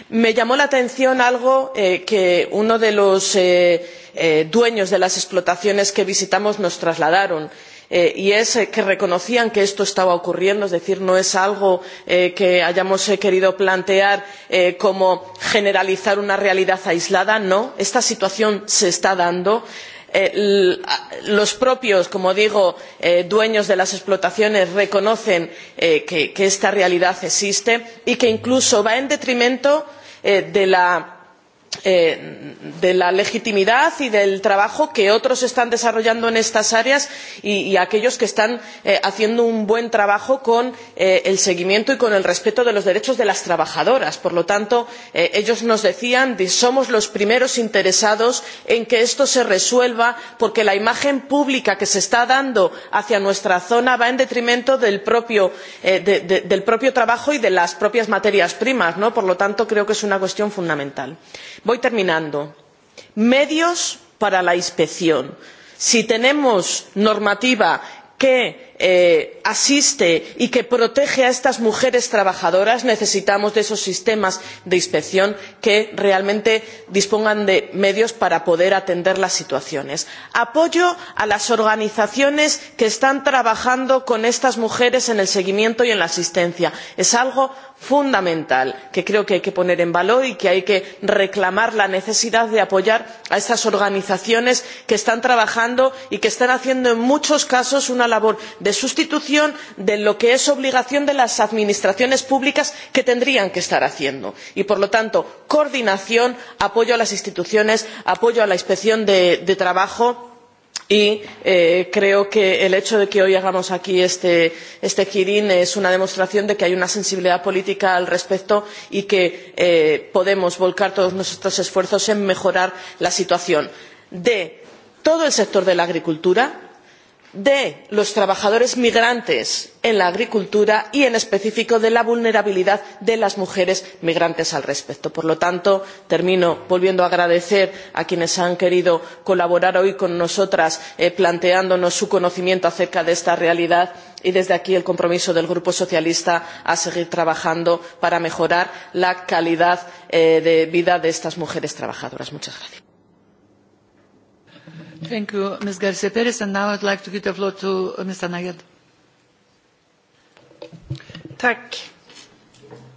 me llamó la atención algo eh, que uno de los eh, eh, dueños de las explotaciones que visitamos nos trasladó eh, y es eh, que reconocían que esto estaba ocurriendo es decir no es algo eh, que hayamos eh, querido plantear eh, como generalizar una realidad aislada no esta situación se está dando eh, los propios como digo eh, dueños de las explotaciones reconocen eh, que, que esta realidad existe y que incluso va en detrimento eh, de la Eh, de la legitimidad y del trabajo que otros están desarrollando en estas áreas y, y aquellos que están eh, haciendo un buen trabajo con eh, el seguimiento y con el respeto de los derechos de las trabajadoras. por lo tanto eh, ellos nos decían somos los primeros interesados en que esto se resuelva porque la imagen pública que se está dando hacia nuestra zona va en detrimento del propio, eh, de, de, del propio trabajo y de las propias materias primas. ¿no? por lo tanto creo que es una cuestión fundamental voy terminando medios para la inspección si tenemos normativa que eh, asiste y que protege a estas mujeres trabajadoras necesitamos de esos sistemas de inspección que realmente dispongan de medios para poder atender las situaciones. apoyo a las organizaciones que están trabajando con estas mujeres en el seguimiento y en la asistencia es algo fundamental que creo que hay que poner en valor y que hay que reclamar la necesidad de apoyar a estas organizaciones que están trabajando y que están haciendo en muchos casos una labor de sustitución de lo que es obligación de las administraciones públicas que tendrían que estar haciendo y por lo tanto coordinación apoyo a las instituciones apoyo a la inspección de, de trabajo y eh, creo que el hecho de que hoy hagamos aquí este, esta hearing es una demostración de que hay una sensibilidad política al respecto y que eh, podemos volcar todos nuestros esfuerzos en mejorar la situación de todo el sector de la agricultura de los trabajadores migrantes en la agricultura y en específico de la vulnerabilidad de las mujeres migrantes al respecto. por lo tanto termino volviendo a agradecer a quienes han querido colaborar hoy con nosotras eh, planteándonos su conocimiento acerca de esta realidad y desde aquí el compromiso del grupo socialista a seguir trabajando para mejorar la calidad eh, de vida de estas mujeres trabajadoras. muchas gracias. Thank you, Ms. Garcia Perez. And now I'd like to give the floor to uh, Mr. Nayed. Tack.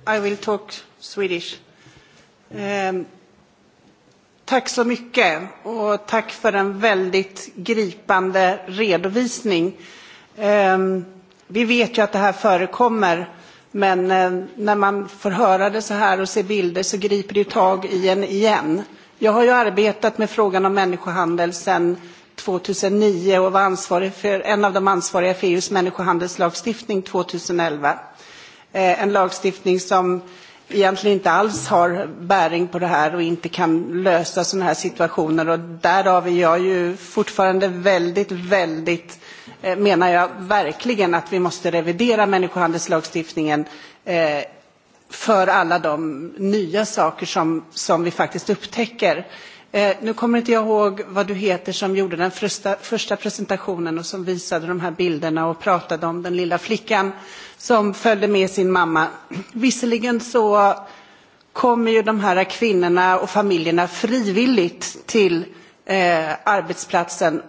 I will talk Swedish. Um, Tack så mycket och tack för en väldigt gripande redovisning. Ehm, vi vet ju att det här förekommer, men eh, när man får höra det så här och ser bilder så griper det tag i en igen. Jag har ju arbetat med frågan om människohandel sedan 2009 och var ansvarig för, en av de ansvariga för EUs människohandelslagstiftning 2011. Eh, en lagstiftning som egentligen inte alls har bäring på det här och inte kan lösa sådana här situationer. Och därav är jag ju fortfarande väldigt, väldigt, eh, menar jag verkligen att vi måste revidera människohandelslagstiftningen eh, för alla de nya saker som, som vi faktiskt upptäcker. Eh, nu kommer inte jag ihåg vad du heter som gjorde den första, första presentationen och som visade de här bilderna och pratade om den lilla flickan som följde med sin mamma. Visserligen så kommer ju de här kvinnorna och familjerna frivilligt till eh, arbetsplatsen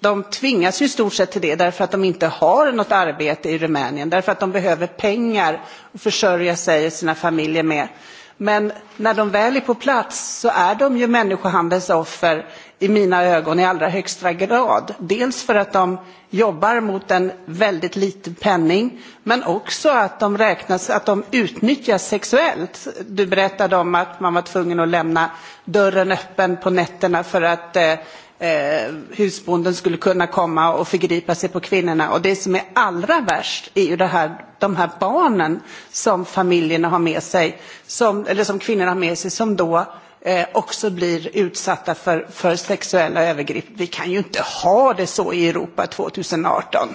De tvingas ju i stort sett till det därför att de inte har något arbete i Rumänien, därför att de behöver pengar att försörja sig och sina familjer med. Men när de väl är på plats så är de ju människohandelns offer i mina ögon i allra högsta grad. Dels för att de jobbar mot en väldigt liten penning, men också att de, räknas, att de utnyttjas sexuellt. Du berättade om att man var tvungen att lämna dörren öppen på nätterna för att eh, eh, husbonden skulle kunna komma och förgripa sig på kvinnorna. Och det som är allra värst är ju det här, de här barnen som familjerna har med sig, som, eller som kvinnorna har med sig, som då eh, också blir utsatta för, för sexuella övergrepp. Vi kan ju inte ha det så i Europa 2018.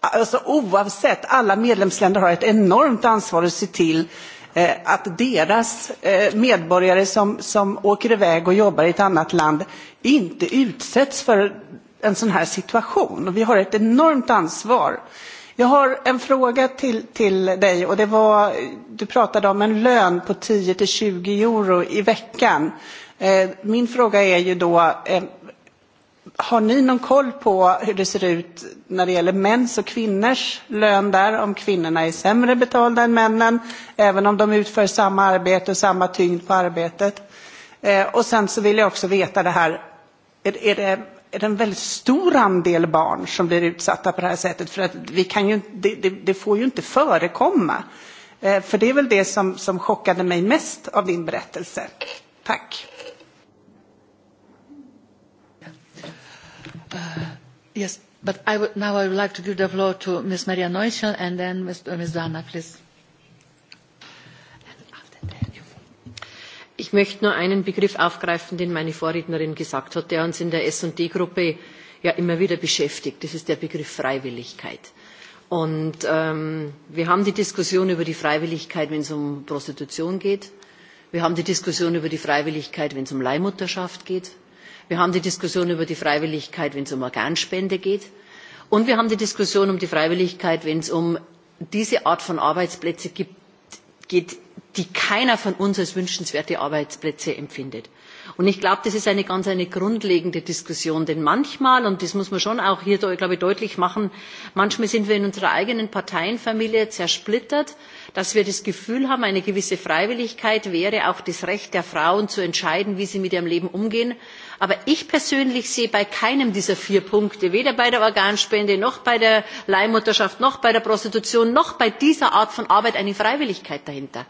Alltså oavsett, alla medlemsländer har ett enormt ansvar att se till eh, eh, att deras eh, medborgare som, som åker iväg och jobbar i ett annat land inte utsätts för en sån här situation. Och vi har ett enormt ansvar. Jag har en fråga till, till dig och det var, du pratade om en lön på 10 till 20 euro i veckan. Eh, min fråga är ju då, eh, Har ni någon koll på hur det ser ut när det gäller mäns och kvinnors lön där? Om kvinnorna är sämre betalda än männen, även om de utför samma arbete och samma tyngd på arbetet? Eh, och sen så vill jag också veta det här, är, är, det, är det en väldigt stor andel barn som blir utsatta på det här sättet? För att vi kan ju, det, det, det får ju inte förekomma. Eh, för det är väl det som, som chockade mig mest av din berättelse. Tack. Uh, yes, but I would, now I would like to give the floor to Ms. Maria Neuschel and then Ms. Uh, Ms. Dana, please. Ich möchte nur einen Begriff aufgreifen, den meine Vorrednerin gesagt hat, der uns in der S&D-Gruppe ja immer wieder beschäftigt. Das ist der Begriff Freiwilligkeit. Und ähm, wir haben die Diskussion über die Freiwilligkeit, wenn es um Prostitution geht. Wir haben die Diskussion über die Freiwilligkeit, wenn es um Leihmutterschaft geht wir haben die diskussion über die freiwilligkeit wenn es um organspende geht und wir haben die diskussion um die freiwilligkeit wenn es um diese art von arbeitsplätzen geht die keiner von uns als wünschenswerte arbeitsplätze empfindet. Und ich glaube, das ist eine ganz eine grundlegende Diskussion, denn manchmal, und das muss man schon auch hier, glaube ich, deutlich machen, manchmal sind wir in unserer eigenen Parteienfamilie zersplittert, dass wir das Gefühl haben, eine gewisse Freiwilligkeit wäre auch das Recht der Frauen zu entscheiden, wie sie mit ihrem Leben umgehen aber ich persönlich sehe bei keinem dieser vier punkte weder bei der organspende noch bei der leihmutterschaft noch bei der prostitution noch bei dieser art von arbeit eine freiwilligkeit dahinter.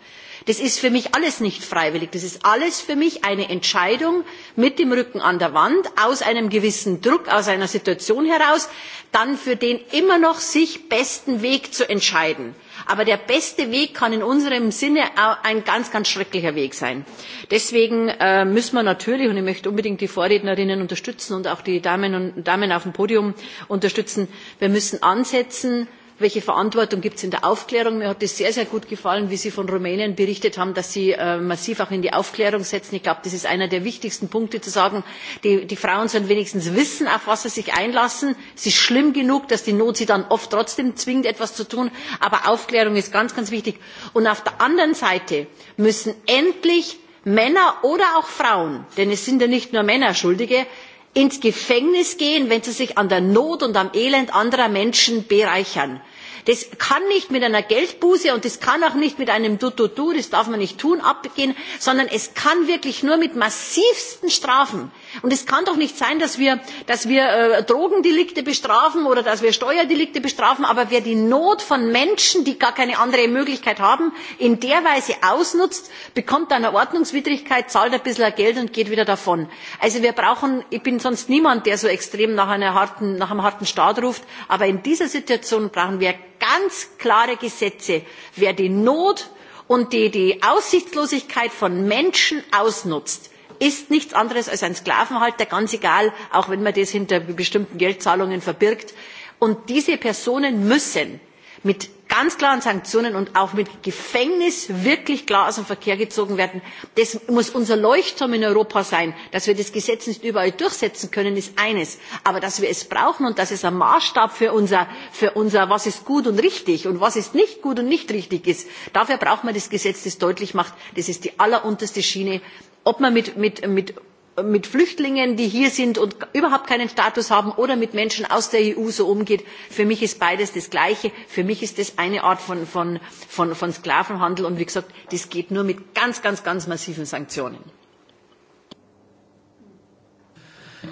Das ist für mich alles nicht freiwillig. Das ist alles für mich eine Entscheidung mit dem Rücken an der Wand, aus einem gewissen Druck, aus einer Situation heraus, dann für den immer noch sich besten Weg zu entscheiden. Aber der beste Weg kann in unserem Sinne ein ganz, ganz schrecklicher Weg sein. Deswegen äh, müssen wir natürlich, und ich möchte unbedingt die Vorrednerinnen unterstützen und auch die Damen und Damen auf dem Podium unterstützen, wir müssen ansetzen, welche Verantwortung gibt es in der Aufklärung? Mir hat es sehr, sehr gut gefallen, wie Sie von Rumänien berichtet haben, dass Sie äh, massiv auch in die Aufklärung setzen. Ich glaube, das ist einer der wichtigsten Punkte, zu sagen, die, die Frauen sollen wenigstens wissen, auf was sie sich einlassen. Es ist schlimm genug, dass die Not sie dann oft trotzdem zwingt, etwas zu tun. Aber Aufklärung ist ganz, ganz wichtig. Und auf der anderen Seite müssen endlich Männer oder auch Frauen, denn es sind ja nicht nur Männer Schuldige, ins Gefängnis gehen, wenn sie sich an der Not und am Elend anderer Menschen bereichern. Das kann nicht mit einer Geldbuße und das kann auch nicht mit einem Dududu, das darf man nicht tun, abgehen, sondern es kann wirklich nur mit massivsten Strafen Und es kann doch nicht sein, dass wir, dass wir äh, Drogendelikte bestrafen oder dass wir Steuerdelikte bestrafen, aber wer die Not von Menschen, die gar keine andere Möglichkeit haben, in der Weise ausnutzt, bekommt eine Ordnungswidrigkeit, zahlt ein bisschen Geld und geht wieder davon. Also wir brauchen, ich bin sonst niemand, der so extrem nach, einer harten, nach einem harten Staat ruft, aber in dieser Situation brauchen wir ganz klare Gesetze. Wer die Not und die, die Aussichtslosigkeit von Menschen ausnutzt, ist nichts anderes als ein Sklavenhalter, ganz egal, auch wenn man das hinter bestimmten Geldzahlungen verbirgt. Und diese Personen müssen mit ganz klaren Sanktionen und auch mit Gefängnis wirklich klar aus dem Verkehr gezogen werden. Das muss unser Leuchtturm in Europa sein. Dass wir das Gesetz nicht überall durchsetzen können, ist eines. Aber dass wir es brauchen und dass es ein Maßstab für unser, für unser, was ist gut und richtig und was ist nicht gut und nicht richtig ist, dafür braucht man das Gesetz, das deutlich macht, das ist die allerunterste Schiene ob man mit, mit, mit mit Flüchtlingen, die hier sind und überhaupt keinen Status haben, oder mit Menschen aus der EU so umgeht. Für mich ist beides das Gleiche. Für mich ist das eine Art von, von, von, von Sklavenhandel. Und wie gesagt, das geht nur mit ganz, ganz, ganz massiven Sanktionen.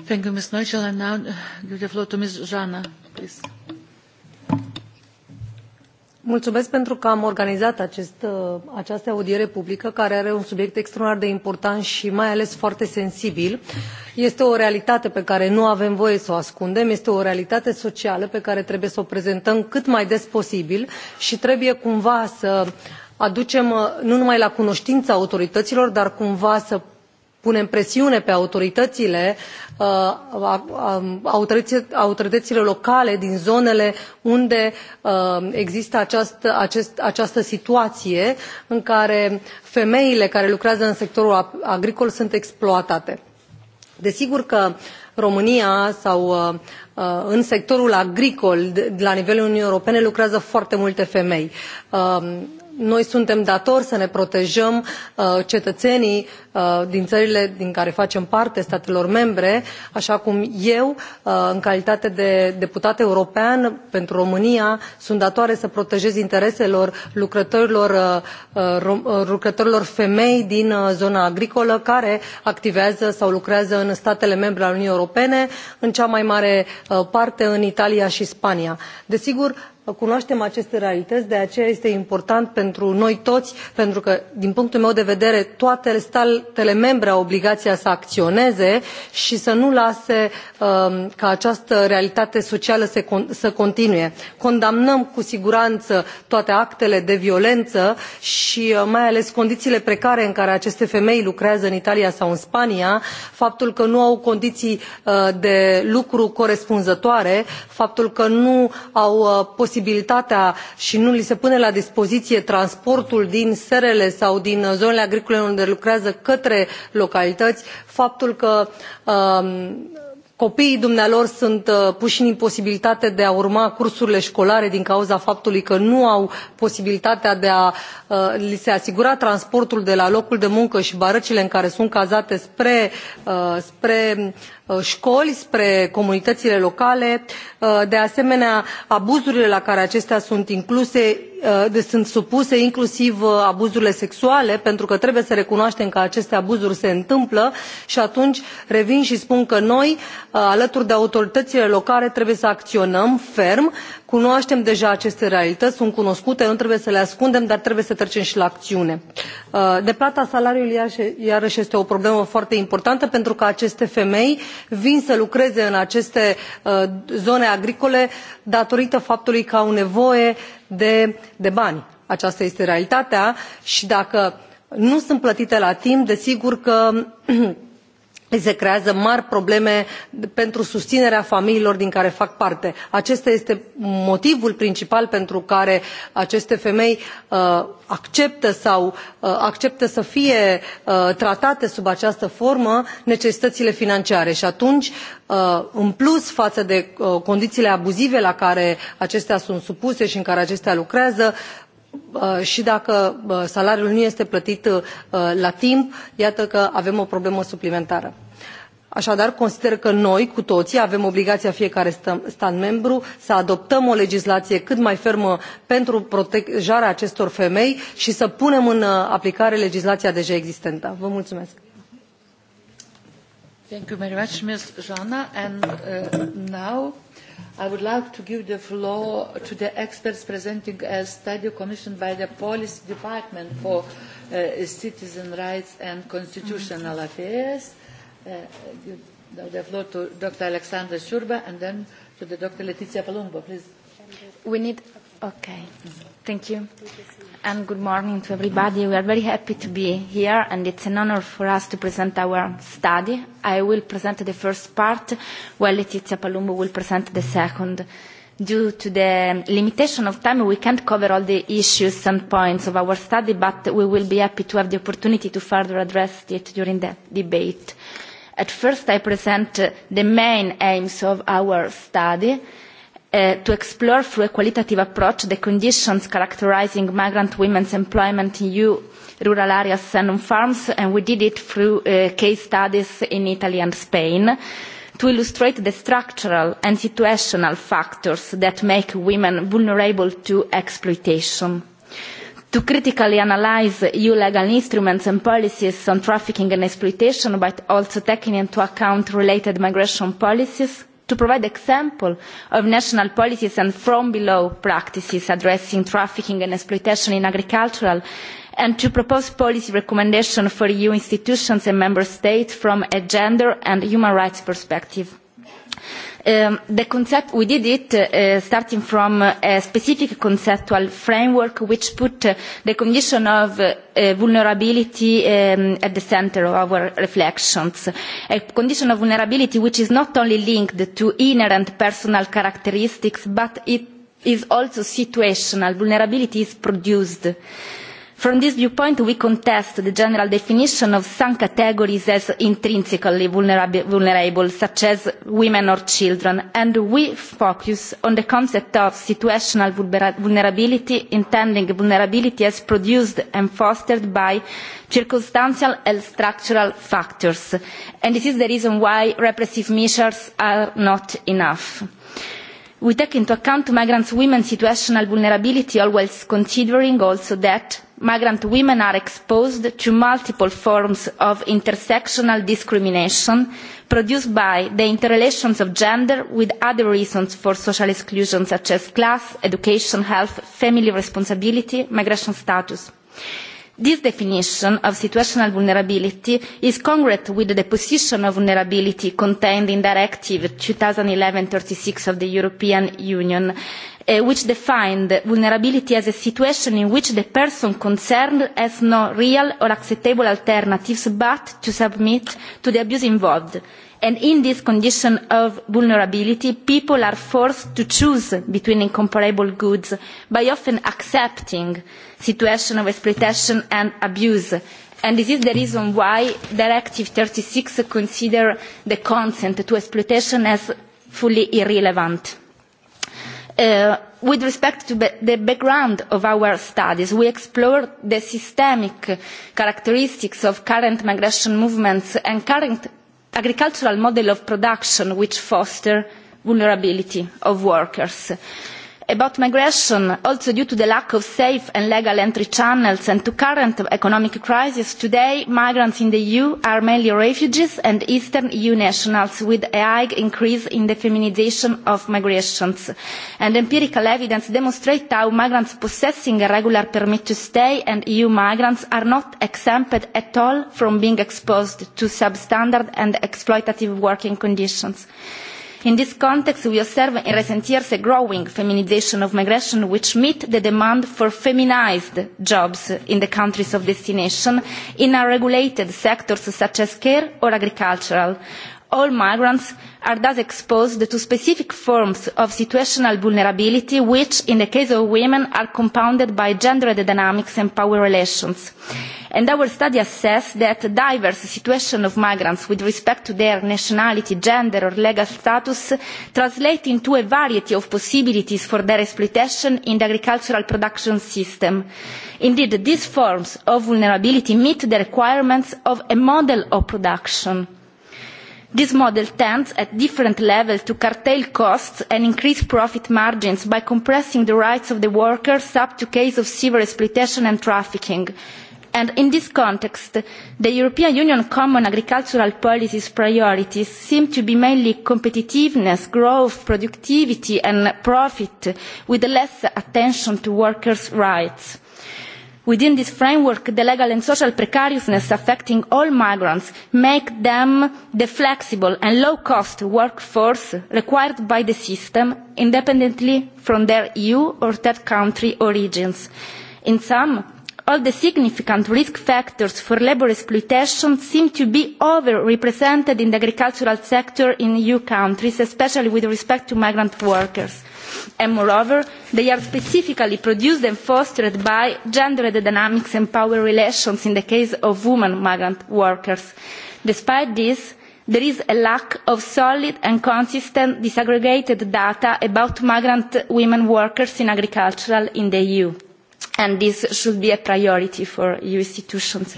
Thank you, Ms. Neuschel. And now uh, give the floor to Ms. Jana, please. Mulțumesc pentru că am organizat acest, uh, această audiere publică, care are un subiect extraordinar de important și mai ales foarte sensibil. Este o realitate pe care nu avem voie să o ascundem, este o realitate socială pe care trebuie să o prezentăm cât mai des posibil și trebuie cumva să aducem uh, nu numai la cunoștința autorităților, dar cumva să punem presiune pe autoritățile uh, autoritățile locale din zonele unde uh, există aceast, acest, această situație în care femeile care lucrează în sectorul agricol sunt exploatate. desigur că românia sau uh, în sectorul agricol la nivelul uniunii europene lucrează foarte multe femei noi suntem datori să ne protejăm uh, cetățenii uh, din țările din care facem parte statelor membre așa cum eu uh, în calitate de deputat european pentru românia sunt datoare să protejez interesele lucrătorilor, lucrătorilor femei din zona agricolă care activează sau lucrează în statele membre ale uniunii europene în cea mai mare parte în italia și spania. desigur cunoaștem aceste realități de aceea este important pentru noi toți pentru că din punctul meu de vedere toate statele membre au obligația să acționeze și să nu lase um, ca această realitate socială să, con să continue. condamnăm cu siguranță toate actele de violență și uh, mai ales condițiile precare în care aceste femei lucrează în italia sau în spania faptul că nu au condiții uh, de lucru corespunzătoare faptul că nu au uh, posibilitatea posibilitatea și nu li se pune la dispoziție transportul din serele sau din zonele agricole unde lucrează către localități faptul că um, copiii dumnealor sunt uh, puși în imposibilitate de a urma cursurile școlare din cauza faptului că nu au posibilitatea de a uh, li se asigura transportul de la locul de muncă și barăcile în care sunt cazate spre, uh, spre Uh, școli spre comunitățile locale uh, de asemenea abuzurile la care acestea sunt incluse uh, sunt supuse inclusiv abuzurile sexuale pentru că trebuie să recunoaștem că aceste abuzuri se întâmplă și atunci revin și spun că noi alături de autoritățile locale trebuie să acționăm ferm pentru cunoaștem deja aceste realități sunt cunoscute nu trebuie să le ascundem dar trebuie să trecem și la acțiune. neplata uh, salariului iarăși este o problemă foarte importantă pentru că aceste femei vin să lucreze în aceste uh, zone agricole datorită faptului că au nevoie de, de bani aceasta este realitatea și dacă nu sunt plătite la timp desigur că se creează mari probleme pentru susținerea familiilor din care fac parte. acesta este motivul principal pentru care aceste femei uh, acceptă sau uh, acceptă să fie uh, tratate sub această formă necesitățile financiare și atunci în plus față de condițiile abuzive la care acestea sunt supuse și în care acestea lucrează Uh, și dacă uh, salariul nu este plătit uh, la timp iată că avem o problemă suplimentară așadar consider că noi cu toții avem obligația fiecare stat membru să adoptăm o legislație cât mai fermă pentru protejarea acestor femei și să punem în aplicare legislația deja existentă. vă mulțumesc. Thank you very much, Ms. Jana. And uh, now I would like to give the floor to the experts presenting a study commissioned by the Policy Department for uh, Citizen Rights and Constitutional mm-hmm. Affairs. Uh, give the floor to Dr. Alexander Shurba and then to the Dr. Letizia Palumbo, please. We need... Okay. Mm-hmm. Thank you. Thank you and good morning to everybody. We are very happy to be here, and it's an honor for us to present our study. I will present the first part, while Letizia Palumbo will present the second. Due to the limitation of time, we can't cover all the issues and points of our study, but we will be happy to have the opportunity to further address it during the debate. At first, I present the main aims of our study, Uh, to explore through a qualitative approach the conditions characterizing migrant women's employment in EU rural areas and on farms, and we did it through uh, case studies in Italy and Spain to illustrate the structural and situational factors that make women vulnerable to exploitation. To critically analyze EU legal instruments and policies on trafficking and exploitation, but also taking into account related migration policies, to provide examples of national policies and from below practices addressing trafficking and exploitation in agricultural and to propose policy recommendations for eu institutions and member states from a gender and human rights perspective. Um, the concept, we did it uh, starting from uh, a specific conceptual framework which put uh, the condition of uh, uh, vulnerability um, at the center of our reflections. A condition of vulnerability which is not only linked to inherent personal characteristics but it is also situational. Vulnerability is produced. Uh, From this viewpoint, we contest the general definition of some categories as intrinsically vulnerable, vulnerable such as women or children, and we focus on the concept of situational vulnerability, intending vulnerability as produced and fostered by circumstantial and structural factors. And this is the reason why repressive measures are not enough. We take into account migrant women's situational vulnerability always considering also that migrant women are exposed to multiple forms of intersectional discrimination produced by the interrelations of gender with other reasons for social exclusion such as class, education, health, family responsibility, migration status. This definition of situational vulnerability is congruent with the position of vulnerability contained in Directive 2011-36 of the European Union, uh, which defined vulnerability as a situation in which the person concerned has no real or acceptable alternatives but to submit to the abuse involved and in this condition of vulnerability people are forced to choose between incomparable goods by often accepting situations of exploitation and abuse and this is the reason why directive thirty six considers the consent to exploitation as fully irrelevant. Uh, with respect to the background of our studies, we explored the systemic characteristics of current migration movements and current agricultural model of production which foster vulnerability of workers. Uh, about migration also due to the lack of safe and legal entry channels and to current economic crisis today migrants in the eu are mainly refugees and eastern eu nationals with a high increase in the feminisation of migrations and empirical evidence demonstrates how migrants possessing a regular permit to stay and eu migrants are not exempted at all from being exposed to substandard and exploitative working conditions. In this context, we observe in recent years a growing feminization of migration, which meet the demand for feminized jobs in the countries of destination in unregulated sectors such as care or agricultural all migrants are thus exposed to specific forms of situational vulnerability which in the case of women are compounded by gender dynamics and power relations. And our study assessed that the diverse situation of migrants with respect to their nationality, gender or legal status translate into a variety of possibilities for their exploitation in the agricultural production system. Indeed, these forms of vulnerability meet the requirements of a model of production This model tends at different levels to curtail costs and increase profit margins by compressing the rights of the workers up to cases of severe exploitation and trafficking. And in this context, the European Union Common Agricultural Policy's priorities seem to be mainly competitiveness, growth, productivity and profit, with less attention to workers' rights Within this framework, the legal and social precariousness affecting all migrants make them the flexible and low-cost workforce required by the system, independently from their EU or third country origins. In some, all the significant risk factors for labour exploitation seem to be overrepresented in the agricultural sector in EU countries, especially with respect to migrant workers. And moreover, they are specifically produced and fostered by gender dynamics and power relations in the case of women migrant workers. Despite this, there is a lack of solid and consistent disaggregated data about migrant women workers in agriculture in the EU and this should be a priority for EU institutions.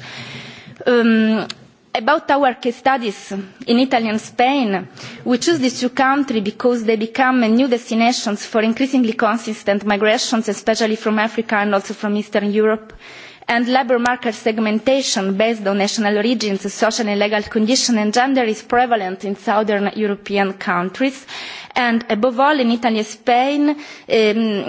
Um, about our case studies in Italy and Spain, we choose these two countries because they become new destinations for increasingly consistent migrations, especially from Africa and also from Eastern Europe. Uh, and labour market segmentation based on national origins, social and legal condition and gender is prevalent in southern European countries. And above all, in Italy and Spain, um,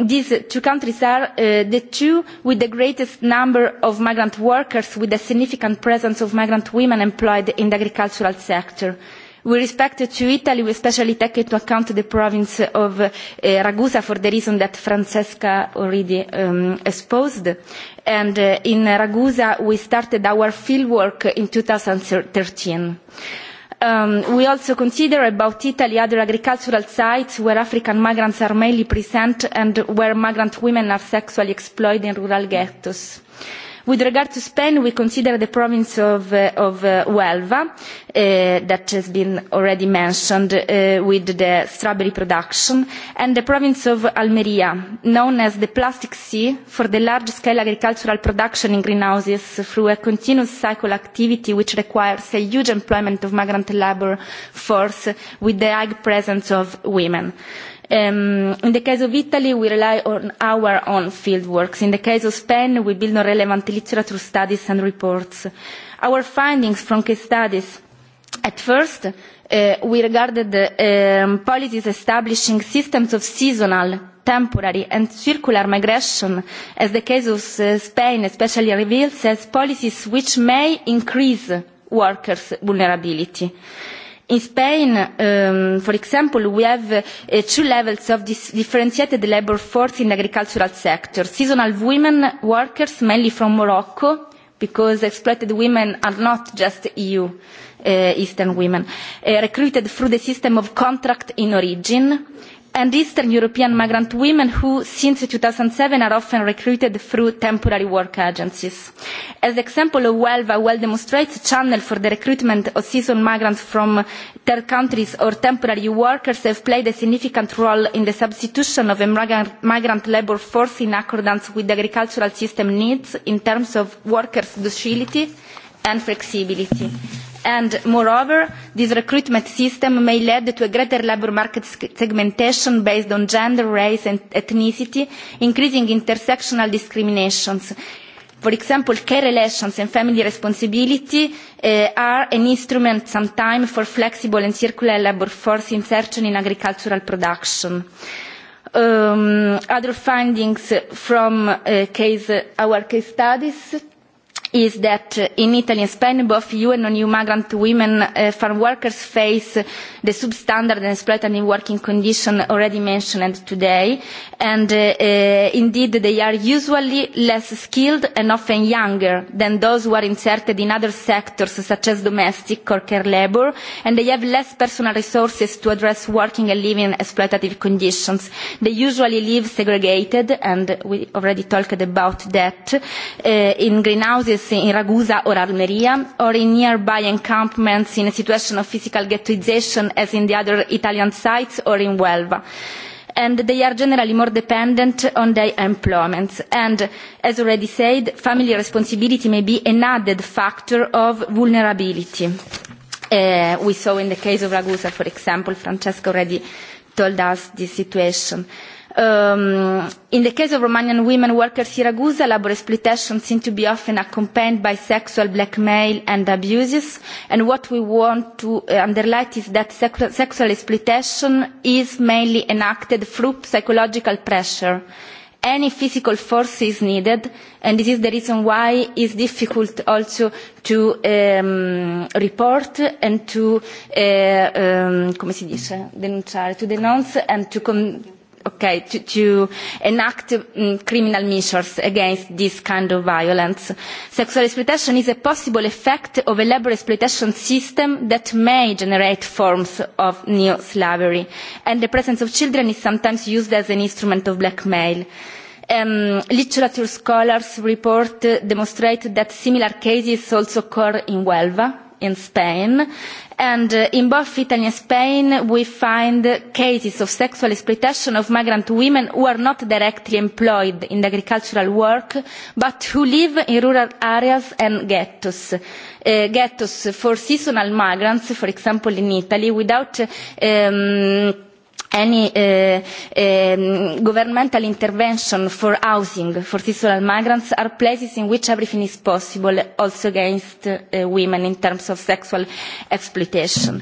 these two countries are uh, the two with the greatest number of migrant workers, with a significant presence of migrant women employed in the agricultural sector. Uh, With respect to Italy, we especially take into account the province of uh, Ragusa for the reason that Francesca already um, exposed. And uh, in Ragusa, we started our fieldwork in 2013 um, we also consider about Italy other agricultural sites where African migrants are mainly present and where migrant women are sexually exploited in rural ghettos. Mm-hmm With regard to Spain, we consider the province of, uh, of uh, Huelva, uh, that has been already mentioned uh, with the strawberry production, and the province of Almeria, known as the plastic sea for the large-scale agricultural production in greenhouses through a continuous cycle activity which requires a huge employment of migrant labour force with the high presence of women. Uh, Um, in the case of Italy, we rely on our own fieldworks. In the case of Spain, we build on relevant literature through studies and reports. Our findings from case studies, at first, uh, we regarded the um, policies establishing systems of seasonal temporary and circular migration, as the case of uh, Spain especially reveals, as policies which may increase workers' vulnerability. Uh, In Spain, um, for example, we have uh, two levels of dis- differentiated labor force in the agricultural sector. Seasonal women workers, mainly from Morocco, because exploited women are not just EU uh, Eastern women, uh, recruited through the system of contract in origin, and Eastern European migrant women who, since 2007, are often recruited through temporary work agencies. As the example of Huelva well demonstrates, a channel for the recruitment of seasonal migrants from third countries or temporary workers have played a significant role in the substitution of a migrant labour force in accordance with agricultural system needs in terms of workers' docility, and flexibility. And moreover, this recruitment system may lead to a greater labour market segmentation based on gender, race and ethnicity, increasing intersectional discriminations. For example, care relations and family responsibility uh, are an instrument sometimes for flexible and circular labour force insertion in agricultural production. Um, other findings from uh, case, our case studies is that in Italy and Spain, both EU and non-EU migrant women uh, farm workers face the substandard and exploitative working conditions already mentioned today. And uh, uh, indeed, they are usually less skilled and often younger than those who are inserted in other sectors, such as domestic or care labor, and they have less personal resources to address working and living exploitative conditions. They usually live segregated, and we already talked about that, uh, in greenhouses villages in Ragusa or Almeria, or in nearby encampments in a situation of physical ghettoization as in the other Italian sites or in Huelva and they are generally more dependent on their employment. And as already said, family responsibility may be an added factor of vulnerability. Uh, we saw in the case of Ragusa, for example, Francesca already told us this situation. Uh, Um, in the case of Romanian women workers in Ragusa, labor exploitation seems to be often accompanied by sexual blackmail and abuses. And what we want to uh, underline is that sex sexual exploitation is mainly enacted through psychological pressure. Any physical force is needed, and this is the reason why it's difficult also to um, report and to, uh, um, come si dice, denunciare, to denounce and to... Con- okay, to, to enact um, criminal measures against this kind of violence. Sexual exploitation is a possible effect of a labor exploitation system that may generate forms of neo-slavery, and the presence of children is sometimes used as an instrument of blackmail. Um, literature scholars report uh, demonstrate that similar cases also occur in Huelva, in Spain. And uh, in both Italy and Spain, we find cases of sexual exploitation of migrant women who are not directly employed in agricultural work, but who live in rural areas and ghettos. Uh, ghettos for seasonal migrants, for example in Italy, without um, any uh, um, governmental intervention for housing for seasonal migrants are places in which everything is possible, also against uh, women in terms of sexual exploitation.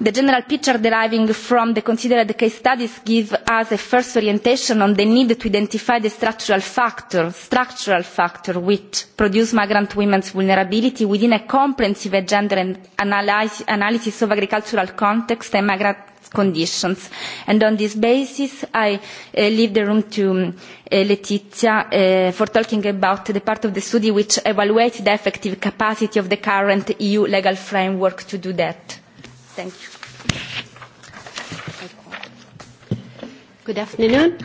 The general picture deriving from the considered case studies gives us a first orientation on the need to identify the structural factor, structural factor which produce migrant women's vulnerability within a comprehensive gender and analysis, analysis of agricultural context and migrant conditions. And on this basis, I uh, leave the room to um, uh, Letizia uh, for talking about the part of the study which evaluates the effective capacity of the current EU legal framework to do that. Thank you. Good afternoon.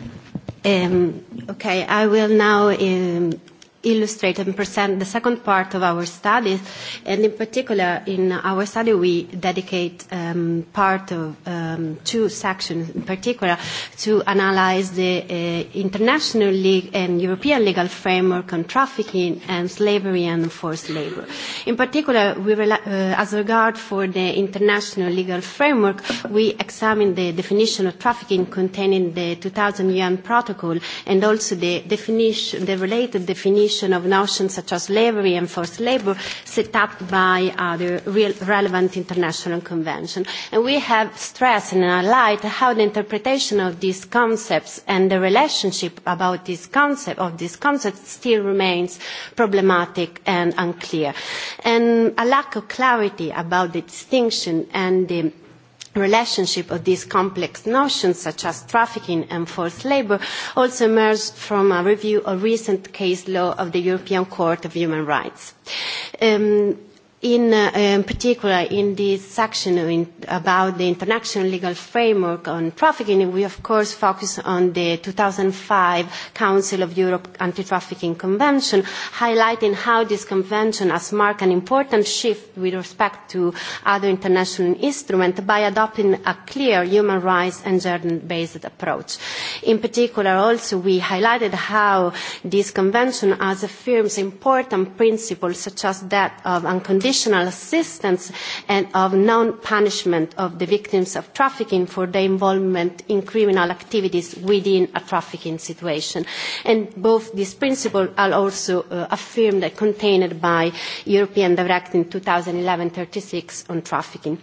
Um, okay, I will now um, illustrate and present the second part of our studies. And in particular, in our study, we dedicate um, part of um, two sections in particular to analyze the uh, international league and European legal framework on trafficking and slavery and forced labor. In particular, we rela- uh, as regard for the international legal framework, we examine the definition of trafficking contained in the 2000 UN protocol and also the definition, the related definition recognition of notions such as slavery and forced labor set up by uh, the real relevant international convention. And we have stressed and highlighted how the interpretation of these concepts and the relationship about this concept of these concepts still remains problematic and unclear. And a lack of clarity about the distinction and the relationship of these complex notions such as trafficking and forced labor also emerged from a review of recent case law of the European Court of Human Rights. Um, in, uh, in particular in this section in, about the international legal framework on trafficking, we of course focus on the 2005 Council of Europe Anti-Trafficking Convention, highlighting how this convention has marked an important shift with respect to other international instruments by adopting a clear human rights and gender-based approach. In particular, also we highlighted how this convention has affirms important principles such as that of unconditional additional assistance and of non-punishment of the victims of trafficking for their involvement in criminal activities within a trafficking situation. And both these principles are also uh, affirmed and contained by European Directive 2011-36 on trafficking.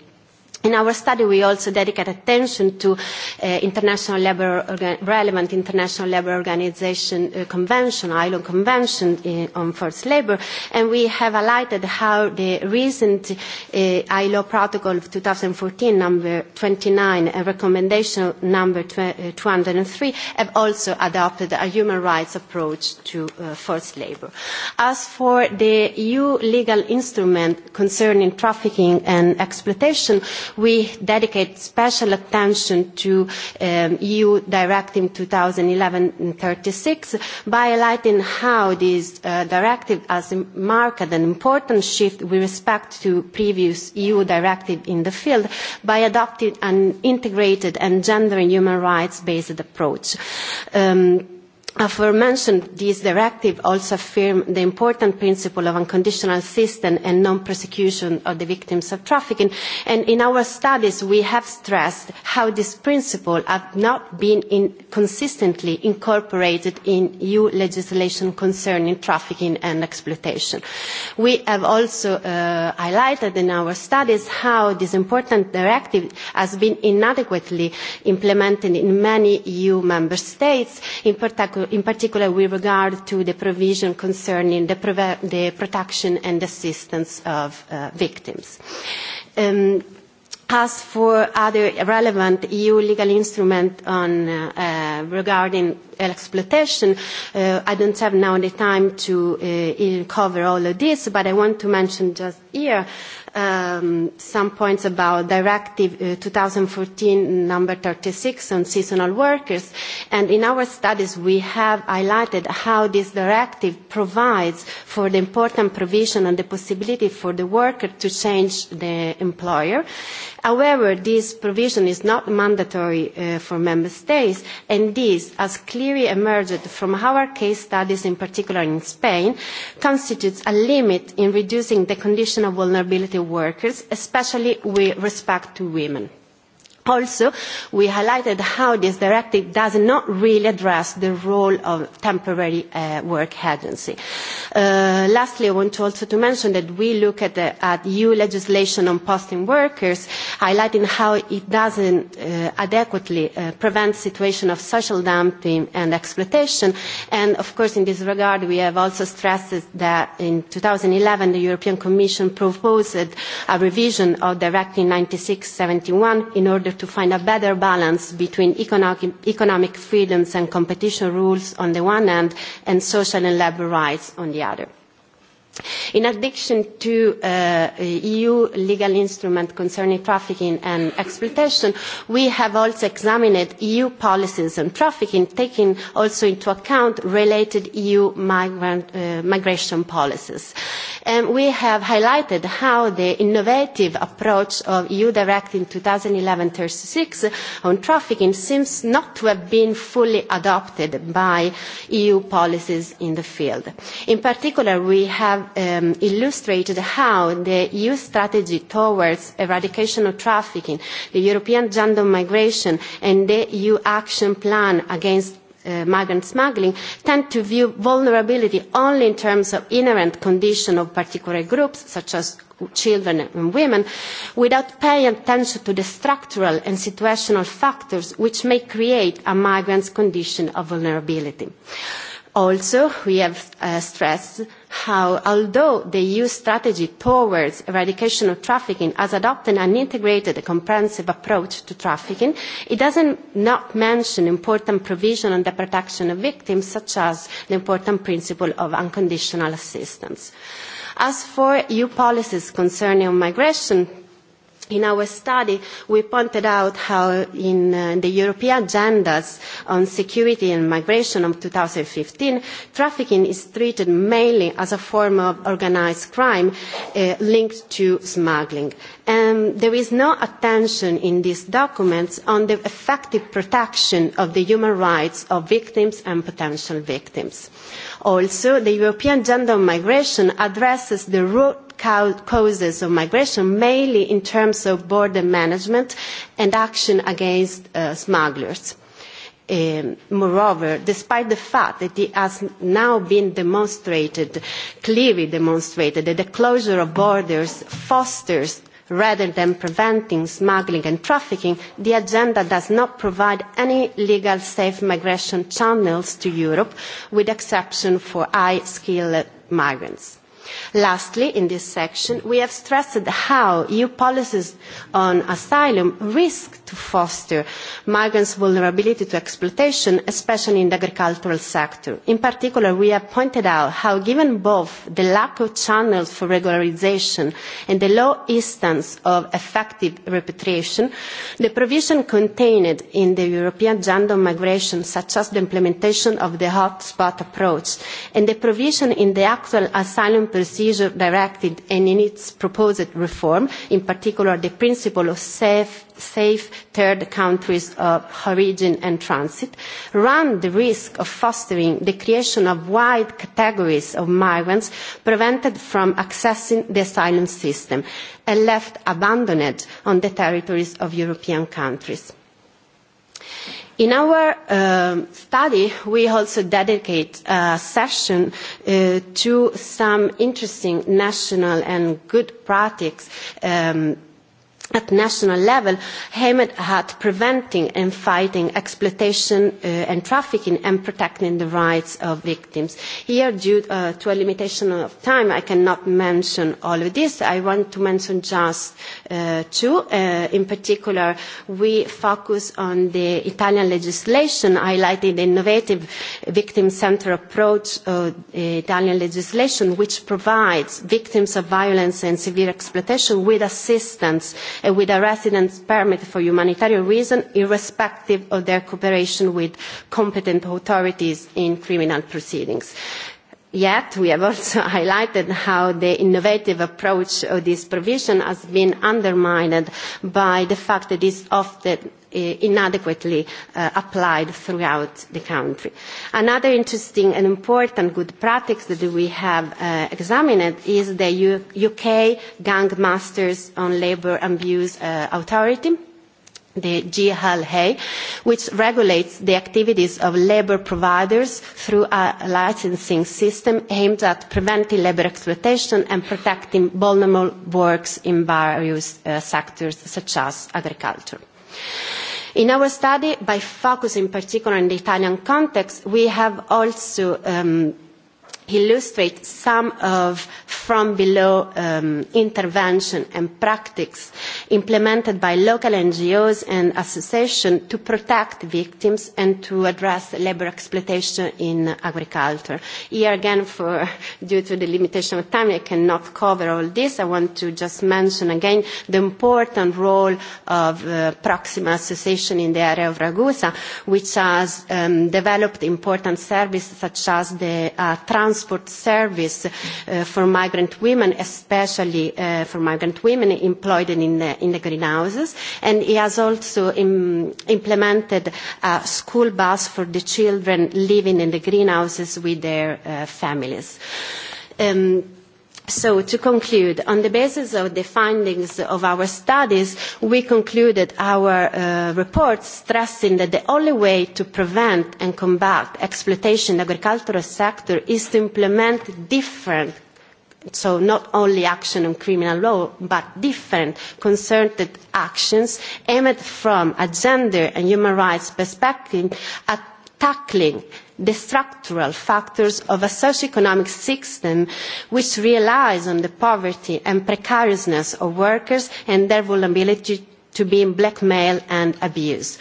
In our study, we also dedicate attention to uh, international labor organ- relevant international labor organization uh, convention, ILO convention in, uh, on forced labor, and we have highlighted how the recent uh, ILO protocol of 2014, number 29, and recommendation number tw- uh, 203, have also adopted a human rights approach to uh, forced labor. As for the EU legal instrument concerning trafficking and exploitation, we dedicate special attention to um, EU Directive 2011-36 by highlighting how this uh, directive has marked an important shift with respect to previous EU directive in the field by adopting an integrated and gender and human rights-based approach. Um, aforementioned, this directive also affirms the important principle of unconditional assistance and non-prosecution of the victims of trafficking. And in our studies, we have stressed how this principle have not been in consistently incorporated in EU legislation concerning trafficking and exploitation. We have also uh, highlighted in our studies how this important directive has been inadequately implemented in many EU member states, in particular in particular with regard to the provision concerning the, preve- the protection and assistance of uh, victims. Um, As for other relevant EU legal instrument on, uh, uh, regarding exploitation, uh, I don't have now the time to uh, cover all of this, but I want to mention just here um, some points about Directive uh, 2014 number 36 on seasonal workers. And in our studies, we have highlighted how this directive provides for the important provision and the possibility for the worker to change the employer However, this provision is not mandatory uh, for member states, and this, as clearly emerged from our case studies, in particular in Spain, constitutes a limit in reducing the condition of vulnerability of workers, especially with respect to women. Also, we highlighted how this directive does not really address the role of temporary uh, work agency. Uh, lastly, I want to also to mention that we look at, the, at EU legislation on posting workers, highlighting how it doesn't uh, adequately uh, prevent situation of social dumping and exploitation. And of course, in this regard, we have also stressed that in 2011, the European Commission proposed a revision of Directive 9671 in order to find a better balance between economic, economic freedoms and competition rules on the one hand and social and labour rights on the other. In addition to uh, EU legal instrument concerning trafficking and exploitation, we have also examined EU policies on trafficking, taking also into account related EU migrant, uh, migration policies. Uh, and um, we have highlighted how the innovative approach of EU Directive 2011-36 on trafficking seems not to have been fully adopted by EU policies in the field. In particular, we have um, illustrated how the EU strategy towards eradication of trafficking, the European gender migration, and the EU action plan against uh, migrant smuggling tend to view vulnerability only in terms of inherent condition of particular groups such as children and women without paying attention to the structural and situational factors which may create a migrant's condition of vulnerability. Uh, Also, we have uh, stressed how, although the EU strategy towards eradication of trafficking has adopted an integrated and comprehensive approach to trafficking, it does not mention important provision on the protection of victims, such as the important principle of unconditional assistance. As for EU policies concerning migration, In our study, we pointed out how in uh, the European agendas on security and migration of 2015, trafficking is treated mainly as a form of organized crime uh, linked to smuggling. And there is no attention in these documents on the effective protection of the human rights of victims and potential victims. Also, the European agenda on migration addresses the root root causes of migration, mainly in terms of border management and action against uh, smugglers. Um, moreover, despite the fact that it has now been demonstrated, clearly demonstrated, that the closure of borders fosters rather than preventing smuggling and trafficking, the agenda does not provide any legal safe migration channels to Europe, with exception for high-skilled migrants. Lastly, in this section, we have stressed how EU policies on asylum risk to foster migrants' vulnerability to exploitation, especially in the agricultural sector. In particular, we have pointed out how given both the lack of channels for regularization and the low instance of effective repatriation, the provision contained in the European agenda on migration, such as the implementation of the hotspot approach, and the provision in the actual asylum Procedure Directive and in its proposed reform, in particular the principle of safe, safe third countries of origin and transit, run the risk of fostering the creation of wide categories of migrants prevented from accessing the asylum system and left abandoned on the territories of European countries. In our um, study, we also dedicate a session uh, to some interesting national and good practices um, at national level aimed at preventing and fighting exploitation uh, and trafficking and protecting the rights of victims. Here, due uh, to a limitation of time, I cannot mention all of this. I want to mention just uh, two. Uh, in particular, we focus on the Italian legislation, highlighting the innovative victim-centered approach of the Italian legislation, which provides victims of violence and severe exploitation with assistance uh, and with a residence permit for humanitarian reasons, irrespective of their cooperation with competent authorities in criminal proceedings. Yet, we have also highlighted how the innovative approach of this provision has been undermined by the fact that it is often inadequately uh, applied throughout the country. Another interesting and important good practice that we have uh, examined is the U- UK Gang Masters on Labour Abuse uh, Authority the GHLA, which regulates the activities of labor providers through a licensing system aimed at preventing labor exploitation and protecting vulnerable works in various uh, sectors such as agriculture. Uh, In our study, by focusing particularly on the Italian context, we have also um, illustrate some of from below um, intervention and practices implemented by local NGOs and associations to protect victims and to address labor exploitation in agriculture. Here again, for, due to the limitation of time, I cannot cover all this. I want to just mention again the important role of uh, Proxima Association in the area of Ragusa, which has um, developed important services such as the uh, trans transport service uh, for migrant women, especially uh, for migrant women employed in the, uh, in the greenhouses. And he has also im- implemented a school bus for the children living in the greenhouses with their uh, families. Um, So to conclude, on the basis of the findings of our studies, we concluded our uh, report stressing that the only way to prevent and combat exploitation in the agricultural sector is to implement different so not only action on criminal law, but different concerted actions aimed from a gender and human rights perspective at tackling the structural factors of a socioeconomic system which relies on the poverty and precariousness of workers and their vulnerability to being blackmailed and abused.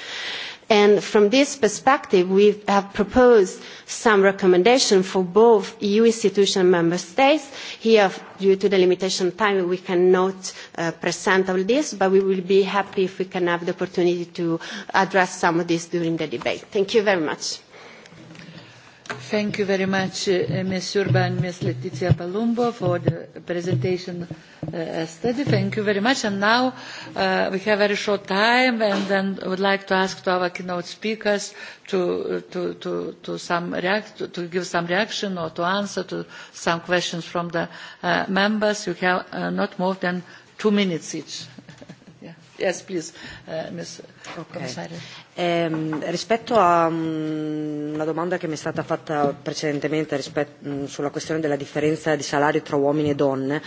And from this perspective, we have proposed some recommendations for both EU institutions and member states. Here, due to the limitation of time, we cannot uh, present all this, but we will be happy if we can have the opportunity to address some of this during the debate. Thank you very much. Thank you very much, uh, Ms. Urban, Ms. Letizia Palumbo, for the presentation uh, study. Thank you very much. And now uh, we have very short time, and then I would like to ask to our keynote speakers to, to, to, to, some react, to, to give some reaction or to answer to some questions from the uh, members. You have uh, not more than two minutes each. yeah. Yes, please, uh, Ms. Okay. Commissary. Eh, rispetto a mh, mm, una domanda che mi è stata fatta precedentemente rispetto, mh, mm, sulla questione della differenza di salario tra uomini e donne,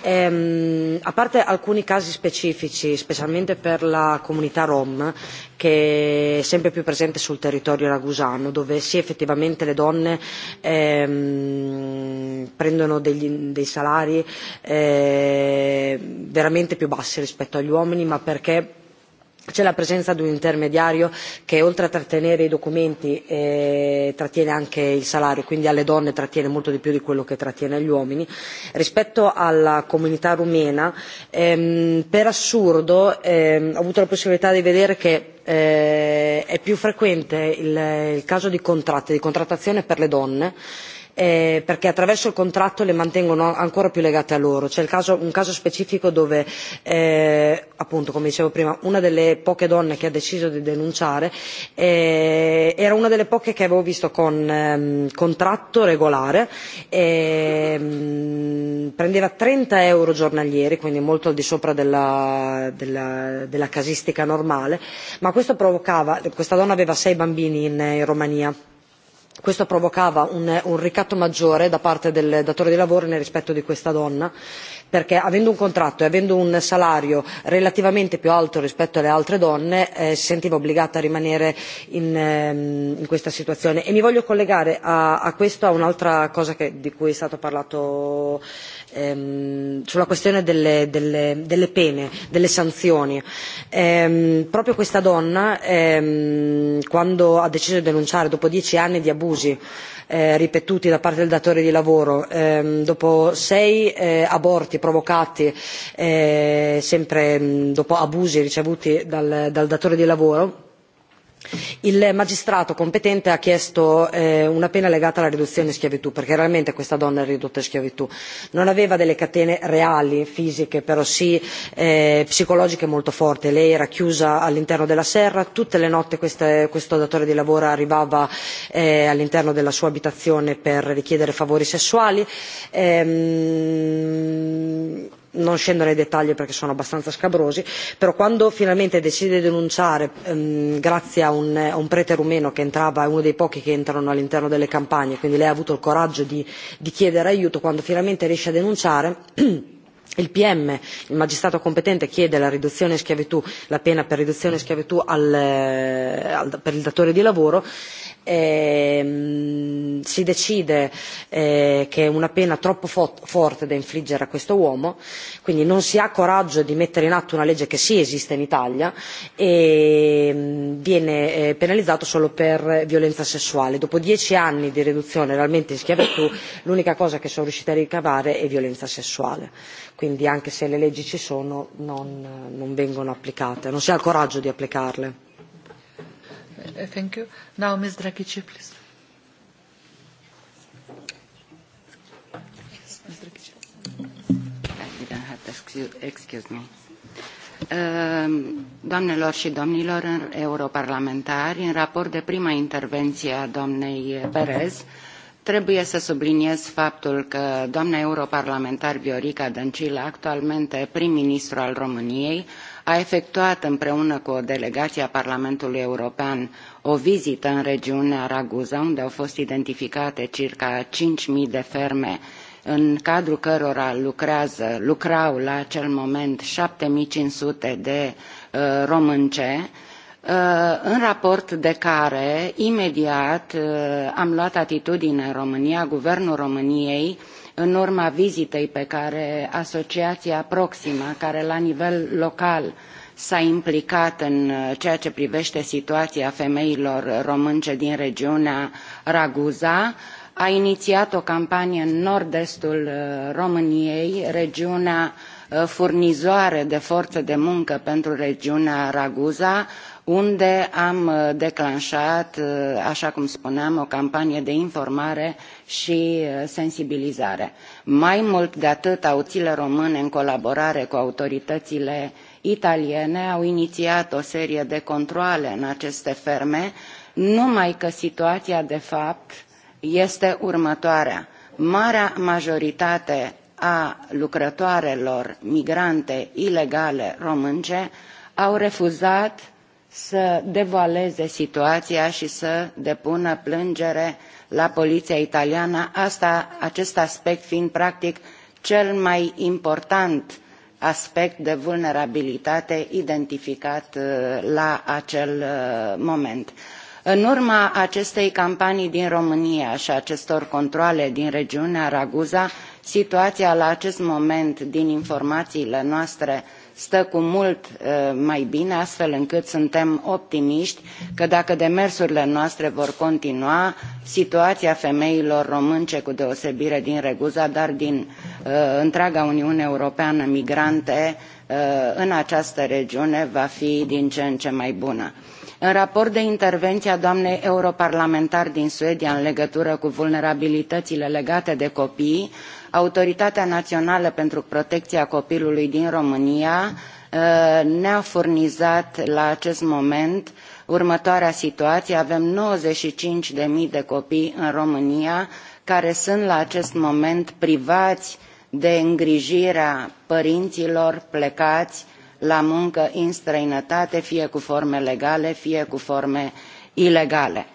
ehm, a parte alcuni casi specifici, specialmente per la comunità rom, che è sempre più presente sul territorio ragusano, dove sì effettivamente le donne ehm, prendono degli, dei salari eh, veramente più bassi rispetto agli uomini, ma perché c'è la presenza di un intermediario che oltre a trattenere i documenti eh, trattiene anche il salario quindi alle donne trattiene molto di più di quello che trattiene agli uomini rispetto alla comunità rumena ehm, per assurdo ehm, ho avuto la possibilità di vedere che eh, è più frequente il, il caso di contratti di contrattazione per le donne eh, perché attraverso il contratto le mantengono ancora più legate a loro. C'è il caso, un caso specifico dove, eh, appunto, come dicevo prima, una delle poche donne che ha deciso di denunciare eh, era una delle poche che avevo visto con ehm, contratto regolare, ehm, prendeva 30 euro giornalieri, quindi molto al di sopra della, della, della casistica normale, ma questo provocava, questa donna aveva sei bambini in, eh, in Romania questo provocava un, un ricatto maggiore da parte del datore di lavoro nei confronti di questa donna perché avendo un contratto e avendo un salario relativamente più alto rispetto alle altre donne eh, si sentiva obbligata a rimanere in, ehm, in questa situazione. E mi voglio collegare a, a questo a un'altra cosa che, di cui è stato parlato ehm, sulla questione delle, delle, delle pene, delle sanzioni. Ehm, proprio questa donna, ehm, quando ha deciso di denunciare dopo dieci anni di abusi eh, ripetuti da parte del datore di lavoro ehm, dopo sei eh, aborti provocati eh, sempre mh, mm, dopo abusi ricevuti dal, dal datore di lavoro il magistrato competente ha chiesto eh, una pena legata alla riduzione in schiavitù perché realmente questa donna è ridotta in schiavitù non aveva delle catene reali fisiche però sì eh, psicologiche molto forti lei era chiusa all'interno della serra tutte le notti queste, questo datore di lavoro arrivava eh, all'interno della sua abitazione per richiedere favori sessuali ehm, non scendo nei dettagli perché sono abbastanza scabrosi però quando finalmente decide di denunciare ehm, grazie a un, a un prete rumeno che entrava è uno dei pochi che entrano all'interno delle campagne quindi lei ha avuto il coraggio di, di chiedere aiuto quando finalmente riesce a denunciare il pm il magistrato competente chiede la riduzione in schiavitù la pena per riduzione in schiavitù al, eh, al, per il datore di lavoro eh, si decide eh, che è una pena troppo fo- forte da infliggere a questo uomo, quindi non si ha coraggio di mettere in atto una legge che sì esiste in Italia e ehm, mh, viene eh, penalizzato solo per violenza sessuale. Dopo dieci anni di riduzione realmente in schiavitù l'unica cosa che sono riuscita a ricavare è violenza sessuale. Quindi anche se le leggi ci sono non, non vengono applicate, non si ha il coraggio di applicarle Uh, thank you. Now, Ms. Dragici, please. Ms. Dragici. You don't have to excuse, excuse me. Um, doamnelor și domnilor europarlamentari, în raport de prima intervenție a doamnei Perez, trebuie să subliniez faptul că doamna europarlamentar Viorica Dăncilă, actualmente prim-ministru al României, a efectuat împreună cu o delegație a Parlamentului European o vizită în regiunea Raguza, unde au fost identificate circa 5.000 de ferme în cadrul cărora lucrează, lucrau la acel moment 7500 de uh, românce, uh, în raport de care imediat uh, am luat atitudine în România, Guvernul României în urma vizitei pe care asociația Proxima, care la nivel local s-a implicat în uh, ceea ce privește situația femeilor românce din regiunea Raguza, a inițiat o campanie în nord-estul uh, României, regiunea uh, furnizoare de forță de muncă pentru regiunea Raguza, unde am uh, declanșat, uh, așa cum spuneam, o campanie de informare și uh, sensibilizare. Mai mult de atât, auțile române, în colaborare cu autoritățile italiene, au inițiat o serie de controle în aceste ferme, numai că situația, de fapt, este următoarea. Marea majoritate a lucrătoarelor migrante ilegale românce au refuzat să devaleze situația și să depună plângere la poliția italiană, asta, acest aspect fiind practic cel mai important aspect de vulnerabilitate identificat uh, la acel uh, moment. În urma acestei campanii din România și acestor controle din regiunea Raguza, situația la acest moment, din informațiile noastre, uh, stă cu mult uh, mai bine astfel încât suntem optimiști că dacă demersurile noastre vor continua situația femeilor românce cu deosebire din reguza dar din uh, întreaga uniune europeană migrante uh, în această regiune va fi din ce în ce mai bună în raport de intervenție a doamnei europarlamentar din suedia în legătură cu vulnerabilitățile legate de copii autoritatea națională pentru protecția copilului din românia uh, ne a furnizat la acest moment următoarea situație avem nouăzeci și cinci zero de copii în românia care sunt la acest moment privați de îngrijirea părinților plecați la muncă în străinătate, fie cu forme legale, fie cu forme ilegale.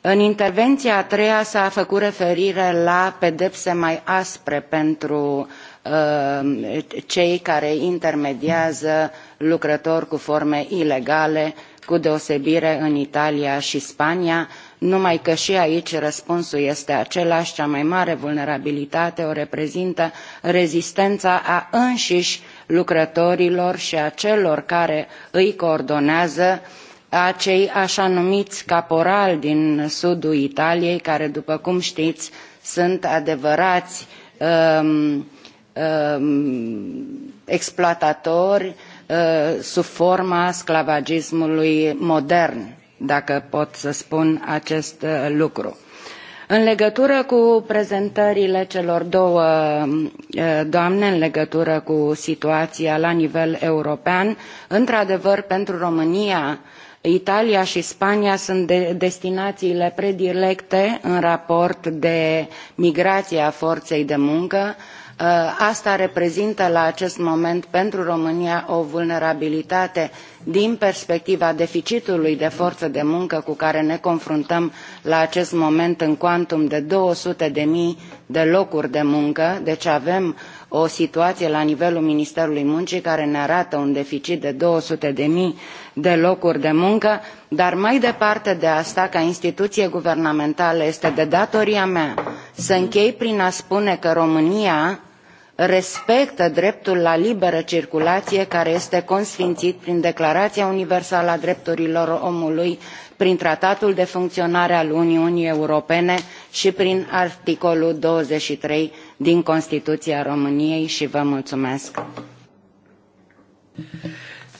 În intervenția a treia s-a făcut referire la pedepse mai aspre pentru uh, cei care intermediază lucrători cu forme ilegale, cu deosebire în Italia și Spania, numai că și aici răspunsul este același, cea mai mare vulnerabilitate o reprezintă rezistența a înșiși lucrătorilor și a celor care îi coordonează acei așa numiți caporali din sudul Italiei, care, după cum știți, sunt adevărați um, um, exploatatori uh, sub forma sclavagismului modern, dacă pot să spun acest uh, lucru În legătură cu prezentările celor două eh, doamne, în legătură cu situația la nivel european, într-adevăr, pentru România, Italia și Spania sunt de destinațiile predilecte în raport de migrație a forței de muncă, Uh, asta reprezintă la acest moment pentru România o vulnerabilitate din perspectiva deficitului de forță de muncă cu care ne confruntăm la acest moment în cuantum de 200 de mii de locuri de muncă, deci avem o situație la nivelul Ministerului Muncii care ne arată un deficit de 200 de mii de locuri de muncă, dar mai departe de asta, ca instituție guvernamentală, este de datoria mea să închei prin a spune că România respectă dreptul la liberă circulație care este consfințit prin declarația universală a drepturilor omului prin tratatul de funcționare al uniunii europene și prin articolul douăzeci și trei din constituția româniei și vă mulțumesc.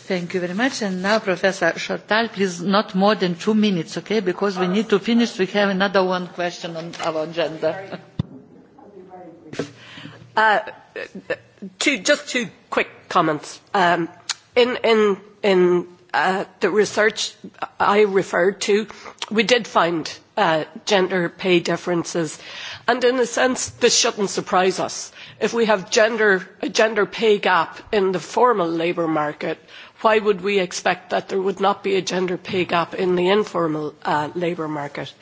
Thank you very much. And now, Professor Shortal, please not more than two minutes, okay? Because we need to finish. We have another one question on our agenda. Uh, two, just two quick comments. Um, in in, in uh, the research I referred to, we did find uh, gender pay differences. And in a sense, this shouldn't surprise us. If we have gender, a gender pay gap in the formal labour market, why would we expect that there would not be a gender pay gap in the informal uh, labour market?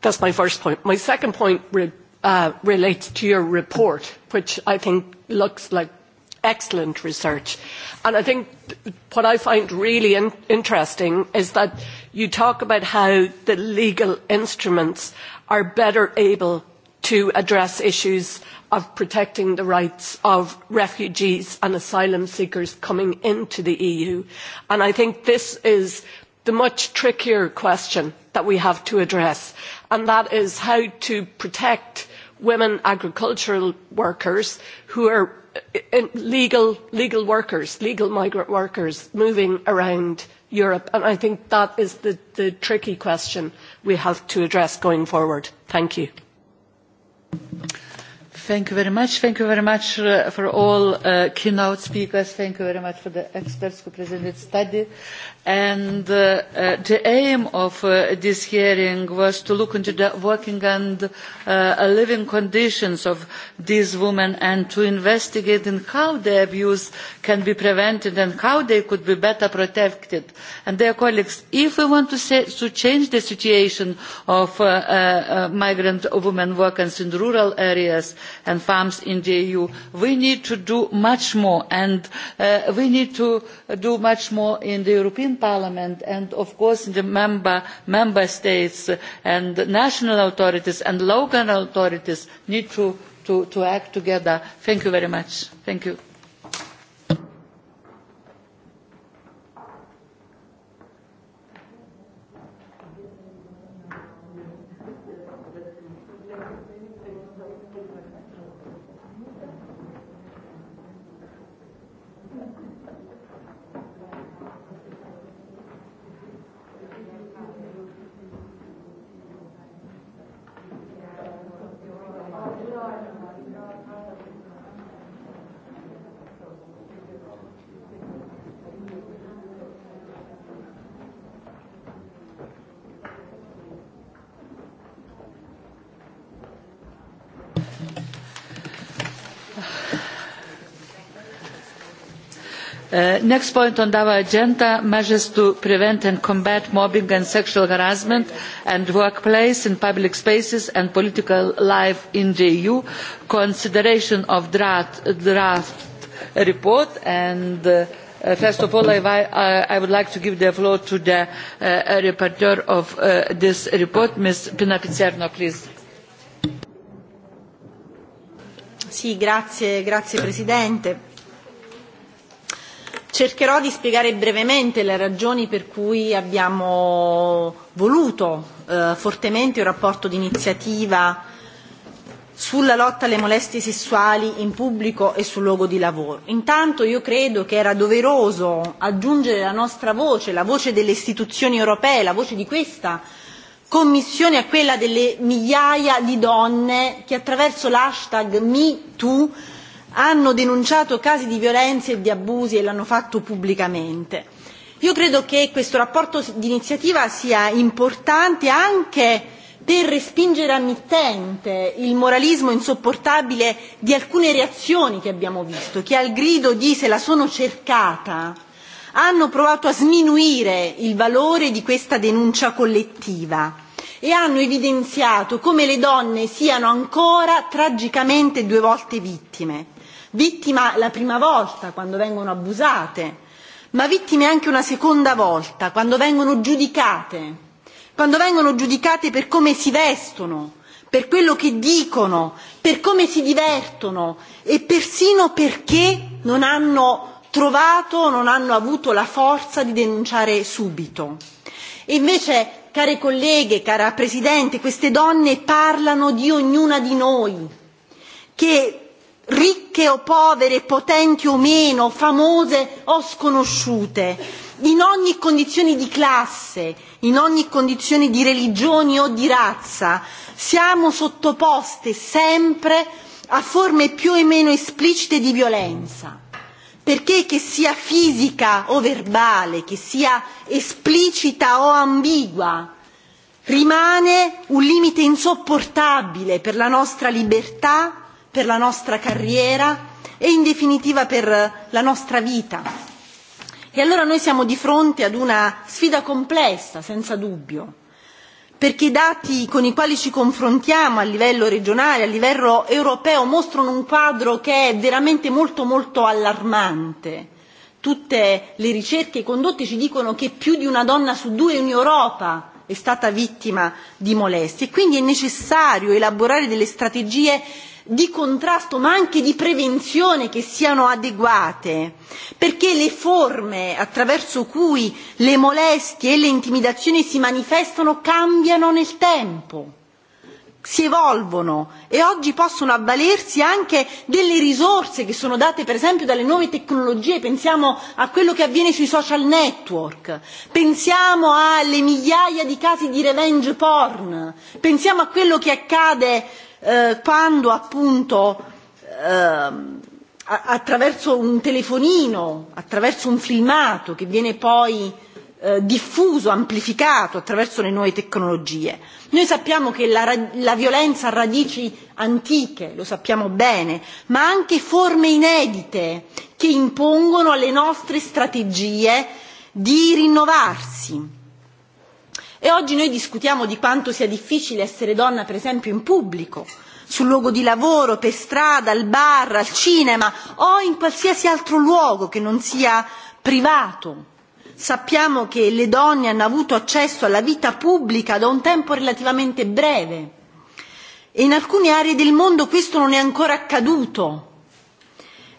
That's my first point. My second point re- uh, relates to your report, which I think looks like excellent research. And I think what I find really in- interesting is that you talk about how the legal instruments are better able to address issues of protecting the rights of refugees and asylum seekers coming into the EU. And I think this is the much trickier question that we have to address, and that is how to protect women agricultural workers who are uh, uh, legal, legal workers, legal migrant workers moving around Europe. And I think that is the, the tricky question we have to address going forward. Thank you. Thank you very much. Thank you very much uh, for all uh, keynote speakers. Thank you very much for the experts who presented study. And uh, uh, the aim of uh, this hearing was to look into the working and uh, living conditions of these women and to investigate in how the abuse can be prevented and how they could be better protected. And dear colleagues, if we want to, say, to change the situation of uh, uh, uh migrant women workers in rural areas, and farms in the eu we need to do much more and uh, we need to do much more in the european parliament and of course in the member, member states and national authorities and local authorities need to, to, to act together. thank you very much. thank you. Uh, next point on our agenda measures to prevent and combat mobbing and sexual harassment in the workplace in public spaces and political life in the eu consideration of draft, draft report and uh, uh first of all I, I would like to give the floor to the uh, rapporteur of uh, this report ms pina picierno please. Sì, grazie, grazie Presidente Cercherò di spiegare brevemente le ragioni per cui abbiamo voluto eh, fortemente un rapporto d'iniziativa sulla lotta alle molestie sessuali in pubblico e sul luogo di lavoro. Intanto io credo che era doveroso aggiungere la nostra voce, la voce delle istituzioni europee, la voce di questa Commissione a quella delle migliaia di donne che attraverso l'hashtag MeToo hanno denunciato casi di violenze e di abusi e l'hanno fatto pubblicamente. Io credo che questo rapporto d'iniziativa sia importante anche per respingere a mittente il moralismo insopportabile di alcune reazioni che abbiamo visto, che al grido di se la sono cercata hanno provato a sminuire il valore di questa denuncia collettiva e hanno evidenziato come le donne siano ancora tragicamente due volte vittime vittima la prima volta quando vengono abusate, ma vittime anche una seconda volta quando vengono giudicate, quando vengono giudicate per come si vestono, per quello che dicono, per come si divertono e persino perché non hanno trovato, non hanno avuto la forza di denunciare subito. E invece care colleghe, cara Presidente, queste donne parlano di ognuna di noi, che ricche o povere, potenti o meno, famose o sconosciute, in ogni condizione di classe, in ogni condizione di religione o di razza, siamo sottoposte sempre a forme più e meno esplicite di violenza. Perché che sia fisica o verbale, che sia esplicita o ambigua, rimane un limite insopportabile per la nostra libertà per la nostra carriera e in definitiva per la nostra vita. E allora noi siamo di fronte ad una sfida complessa, senza dubbio, perché i dati con i quali ci confrontiamo a livello regionale, a livello europeo, mostrano un quadro che è veramente molto molto allarmante. Tutte le ricerche condotte ci dicono che più di una donna su due in Europa è stata vittima di molestie e quindi è necessario elaborare delle strategie di contrasto ma anche di prevenzione che siano adeguate, perché le forme attraverso cui le molestie e le intimidazioni si manifestano cambiano nel tempo si evolvono e oggi possono avvalersi anche delle risorse che sono date per esempio dalle nuove tecnologie, pensiamo a quello che avviene sui social network, pensiamo alle migliaia di casi di revenge porn, pensiamo a quello che accade eh, quando appunto eh, attraverso un telefonino, attraverso un filmato che viene poi eh, diffuso, amplificato attraverso le nuove tecnologie. Noi sappiamo che la, la violenza ha radici antiche, lo sappiamo bene, ma anche forme inedite che impongono alle nostre strategie di rinnovarsi E oggi noi discutiamo di quanto sia difficile essere donna, per esempio, in pubblico, sul luogo di lavoro, per strada, al bar, al cinema o in qualsiasi altro luogo che non sia privato. Sappiamo che le donne hanno avuto accesso alla vita pubblica da un tempo relativamente breve e in alcune aree del mondo questo non è ancora accaduto.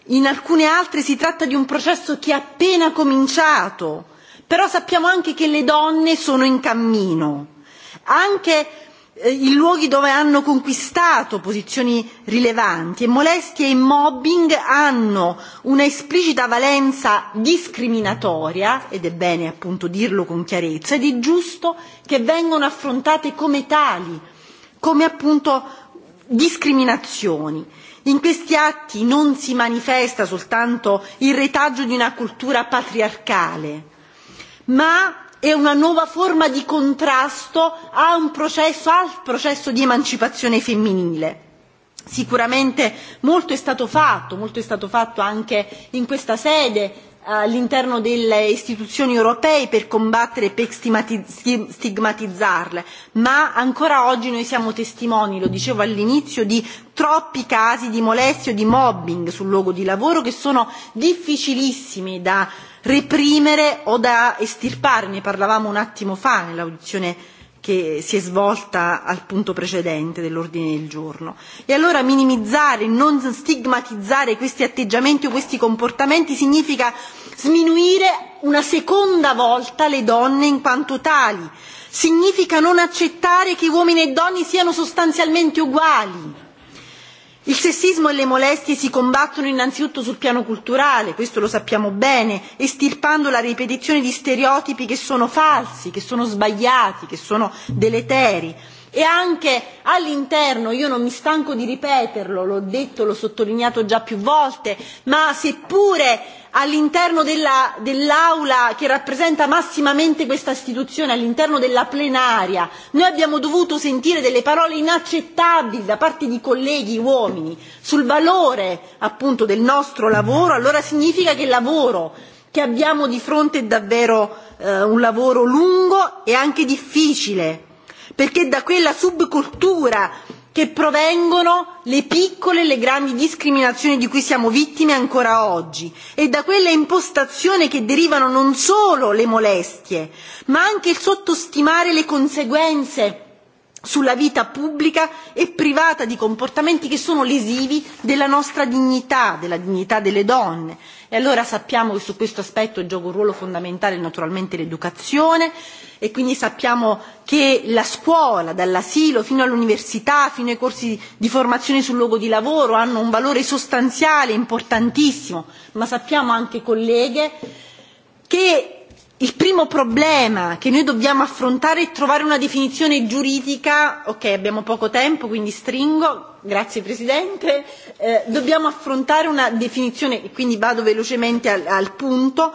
In alcune altre si tratta di un processo che è appena cominciato però sappiamo anche che le donne sono in cammino anche eh, in luoghi dove hanno conquistato posizioni rilevanti e molestie e mobbing hanno una esplicita valenza discriminatoria ed è bene appunto dirlo con chiarezza ed è giusto che vengano affrontate come tali, come appunto discriminazioni. In questi atti non si manifesta soltanto il retaggio di una cultura patriarcale, ma è una nuova forma di contrasto a un processo, al processo di emancipazione femminile. Sicuramente molto è stato fatto, molto è stato fatto anche in questa sede all'interno delle istituzioni europee per combattere e per stigmatizzarle, ma ancora oggi noi siamo testimoni, lo dicevo all'inizio, di troppi casi di molestia o di mobbing sul luogo di lavoro che sono difficilissimi da reprimere o da estirpare, ne parlavamo un attimo fa nell'audizione che si è svolta al punto precedente dell'ordine del giorno. E allora minimizzare, non stigmatizzare questi atteggiamenti o questi comportamenti significa sminuire una seconda volta le donne in quanto tali, significa non accettare che uomini e donne siano sostanzialmente uguali Il sessismo e le molestie si combattono innanzitutto sul piano culturale, questo lo sappiamo bene, estirpando la ripetizione di stereotipi che sono falsi, che sono sbagliati, che sono deleteri e anche all'interno, io non mi stanco di ripeterlo, l'ho detto, l'ho sottolineato già più volte, ma seppure all'interno della, dell'aula che rappresenta massimamente questa istituzione, all'interno della plenaria, noi abbiamo dovuto sentire delle parole inaccettabili da parte di colleghi uomini sul valore appunto del nostro lavoro, allora significa che il lavoro che abbiamo di fronte è davvero eh, un lavoro lungo e anche difficile perché da quella subcultura che provengono le piccole e le grandi discriminazioni di cui siamo vittime ancora oggi e da quella impostazione che derivano non solo le molestie, ma anche il sottostimare le conseguenze sulla vita pubblica e privata di comportamenti che sono lesivi della nostra dignità, della dignità delle donne. E allora sappiamo che su questo aspetto gioca un ruolo fondamentale naturalmente l'educazione, e quindi sappiamo che la scuola, dall'asilo fino all'università, fino ai corsi di formazione sul luogo di lavoro hanno un valore sostanziale, importantissimo, ma sappiamo anche, colleghe, che il primo problema che noi dobbiamo affrontare è trovare una definizione giuridica, ok abbiamo poco tempo quindi stringo, grazie Presidente, eh, dobbiamo affrontare una definizione, e quindi vado velocemente al, al punto,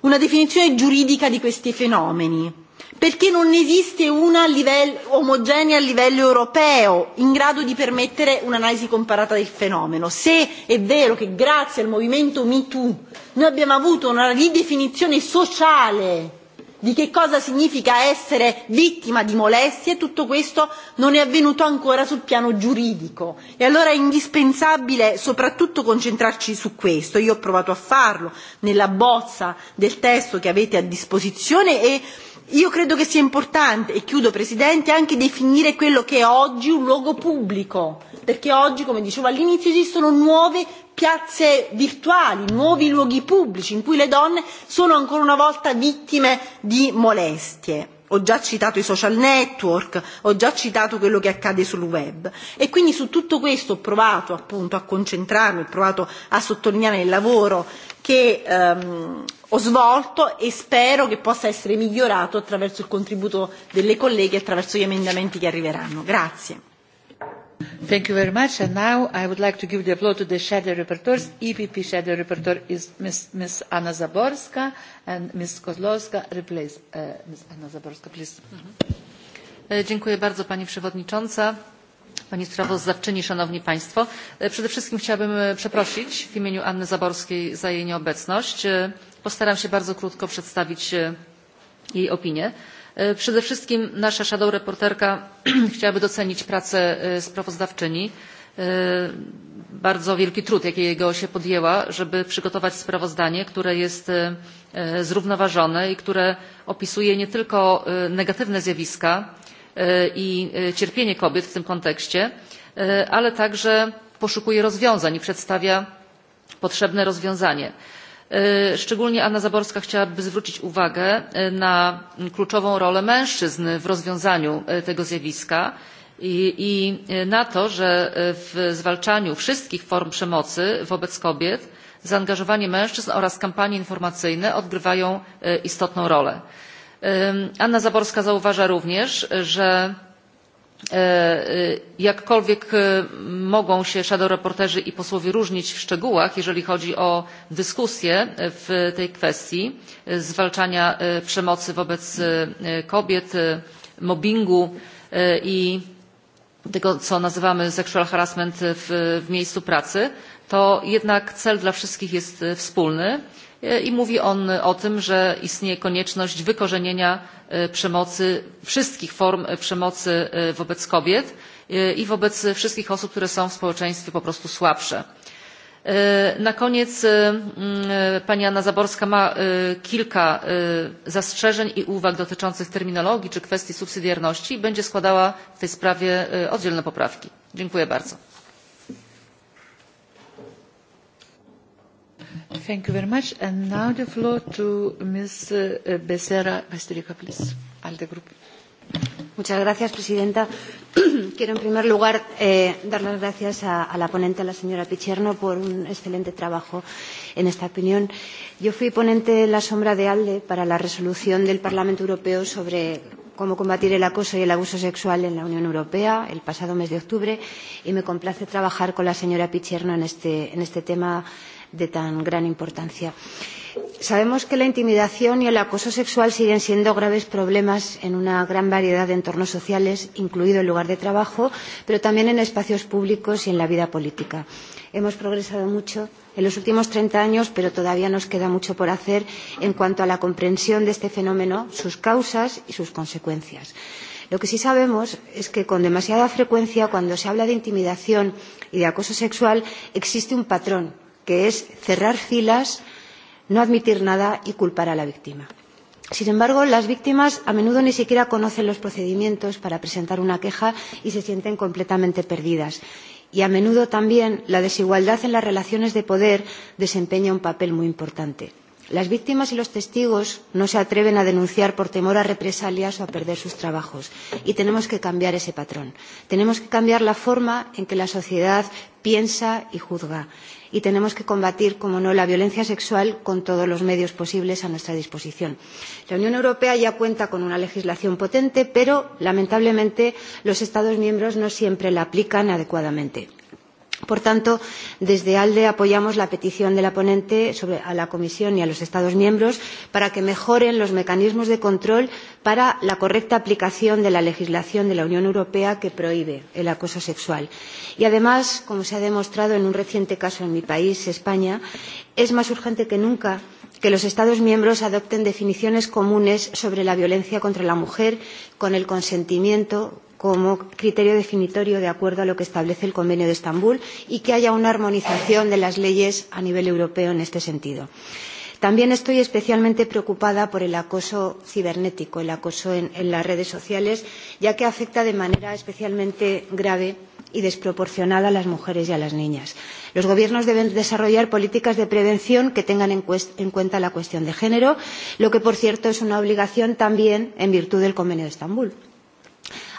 una definizione giuridica di questi fenomeni perché non ne esiste una a livello, omogenea a livello europeo in grado di permettere un'analisi comparata del fenomeno. Se è vero che grazie al movimento MeToo noi abbiamo avuto una ridefinizione sociale di che cosa significa essere vittima di molestie, tutto questo non è avvenuto ancora sul piano giuridico e allora è indispensabile soprattutto concentrarci su questo. Io ho provato a farlo nella bozza del testo che avete a disposizione e Io credo che sia importante, e chiudo Presidente, anche definire quello che è oggi un luogo pubblico, perché oggi, come dicevo all'inizio, esistono nuove piazze virtuali, nuovi luoghi pubblici in cui le donne sono ancora una volta vittime di molestie. Ho già citato i social network, ho già citato quello che accade sul web e quindi su tutto questo ho provato appunto a concentrarmi, ho provato a sottolineare nel lavoro che ehm, ho svolto e spero che possa essere migliorato attraverso il contributo delle colleghe e attraverso gli emendamenti che arriveranno. Grazie. Thank you very much. And now I would like to give the floor to the shadow rapporteurs. EPP shadow rapporteur is Ms. Ms. Anna Zaborska and Ms. Kozlowska replace uh, Ms. Anna Zaborska, please. Mm -hmm. Dziękuję bardzo Pani Przewodnicząca pani sprawozdawczyni szanowni państwo! E, przede wszystkim chciałabym e, przeprosić w imieniu anny zaborskiej za jej nieobecność. E, postaram się bardzo krótko przedstawić jej opinię. przede wszystkim nasza sprawozdawczyni cienia chciałaby docenić pracę sprawozdawczyni bardzo wielki trud jakiego się podjęła żeby przygotować sprawozdanie które jest zrównoważone i które opisuje nie tylko negatywne zjawiska E, i e, cierpienie kobiet w tym kontekście e, ale także poszukuje rozwiązań i przedstawia potrzebne rozwiązanie. szczególnie anna zaborska chciałaby zwrócić uwagę na kluczową rolę mężczyzn w rozwiązaniu tego zjawiska i, i na to że w zwalczaniu wszystkich form przemocy wobec kobiet zaangażowanie mężczyzn oraz kampanie informacyjne odgrywają istotną rolę. Anna Zaborska zauważa również, że e, e, jakkolwiek e, mogą się sprawozdawcy i posłowie różnić w szczegółach jeżeli chodzi o dyskusję w tej kwestii zwalczania przemocy wobec kobiet mobbingu i tego co nazywamy sexual harassment w, w miejscu pracy to jednak cel dla wszystkich jest wspólny E, i mówi on o tym, że istnieje konieczność wykorzenienia e, przemocy, wszystkich form e, przemocy wobec kobiet i wobec wszystkich osób, które są w społeczeństwie po prostu słabsze. Na koniec pani Anna Zaborska ma kilka zastrzeżeń i uwag dotyczących terminologii czy kwestii subsydiarności i będzie składała w tej sprawie oddzielne poprawki. Dziękuję bardzo. Thank you very much. And now the floor to Ms. Uh, Becerra Basterica, please. ALDE Group. Muchas gracias, presidenta. Quiero, en primer lugar, eh, dar las gracias a, a la ponente, a la señora Picherno, por un excelente trabajo en esta opinión. Yo fui ponente en la sombra de ALDE para la resolución del Parlamento Europeo sobre cómo combatir el acoso y el abuso sexual en la Unión Europea el pasado mes de octubre y me complace trabajar con la señora Picherno en este, en este tema de tan gran importancia. Sabemos que la intimidación y el acoso sexual siguen siendo graves problemas en una gran variedad de entornos sociales, incluido el lugar de trabajo, pero también en espacios públicos y en la vida política. Hemos progresado mucho en los últimos 30 años, pero todavía nos queda mucho por hacer en cuanto a la comprensión de este fenómeno, sus causas y sus consecuencias. Lo que sí sabemos es que con demasiada frecuencia, cuando se habla de intimidación y de acoso sexual, existe un patrón que es cerrar filas, no admitir nada y culpar a la víctima. Sin embargo, las víctimas a menudo ni siquiera conocen los procedimientos para presentar una queja y se sienten completamente perdidas. Y a menudo también la desigualdad en las relaciones de poder desempeña un papel muy importante Las víctimas y los testigos no se atreven a denunciar por temor a represalias o a perder sus trabajos. Y tenemos que cambiar ese patrón. Tenemos que cambiar la forma en que la sociedad piensa y juzga. Y tenemos que combatir, como no, la violencia sexual con todos los medios posibles a nuestra disposición. La Unión Europea ya cuenta con una legislación potente, pero lamentablemente los Estados miembros no siempre la aplican adecuadamente. Por tanto, desde ALDE apoyamos la petición de la ponente sobre, a la Comisión y a los Estados miembros para que mejoren los mecanismos de control para la correcta aplicación de la legislación de la Unión Europea que prohíbe el acoso sexual. Y además, como se ha demostrado en un reciente caso en mi país, España, es más urgente que nunca que los Estados miembros adopten definiciones comunes sobre la violencia contra la mujer con el consentimiento, como criterio definitorio de acuerdo a lo que establece el Convenio de Estambul y que haya una armonización de las leyes a nivel europeo en este sentido. También estoy especialmente preocupada por el acoso cibernético, el acoso en, en las redes sociales, ya que afecta de manera especialmente grave y desproporcionada a las mujeres y a las niñas. Los gobiernos deben desarrollar políticas de prevención que tengan en, en cuenta la cuestión de género, lo que, por cierto, es una obligación también en virtud del Convenio de Estambul.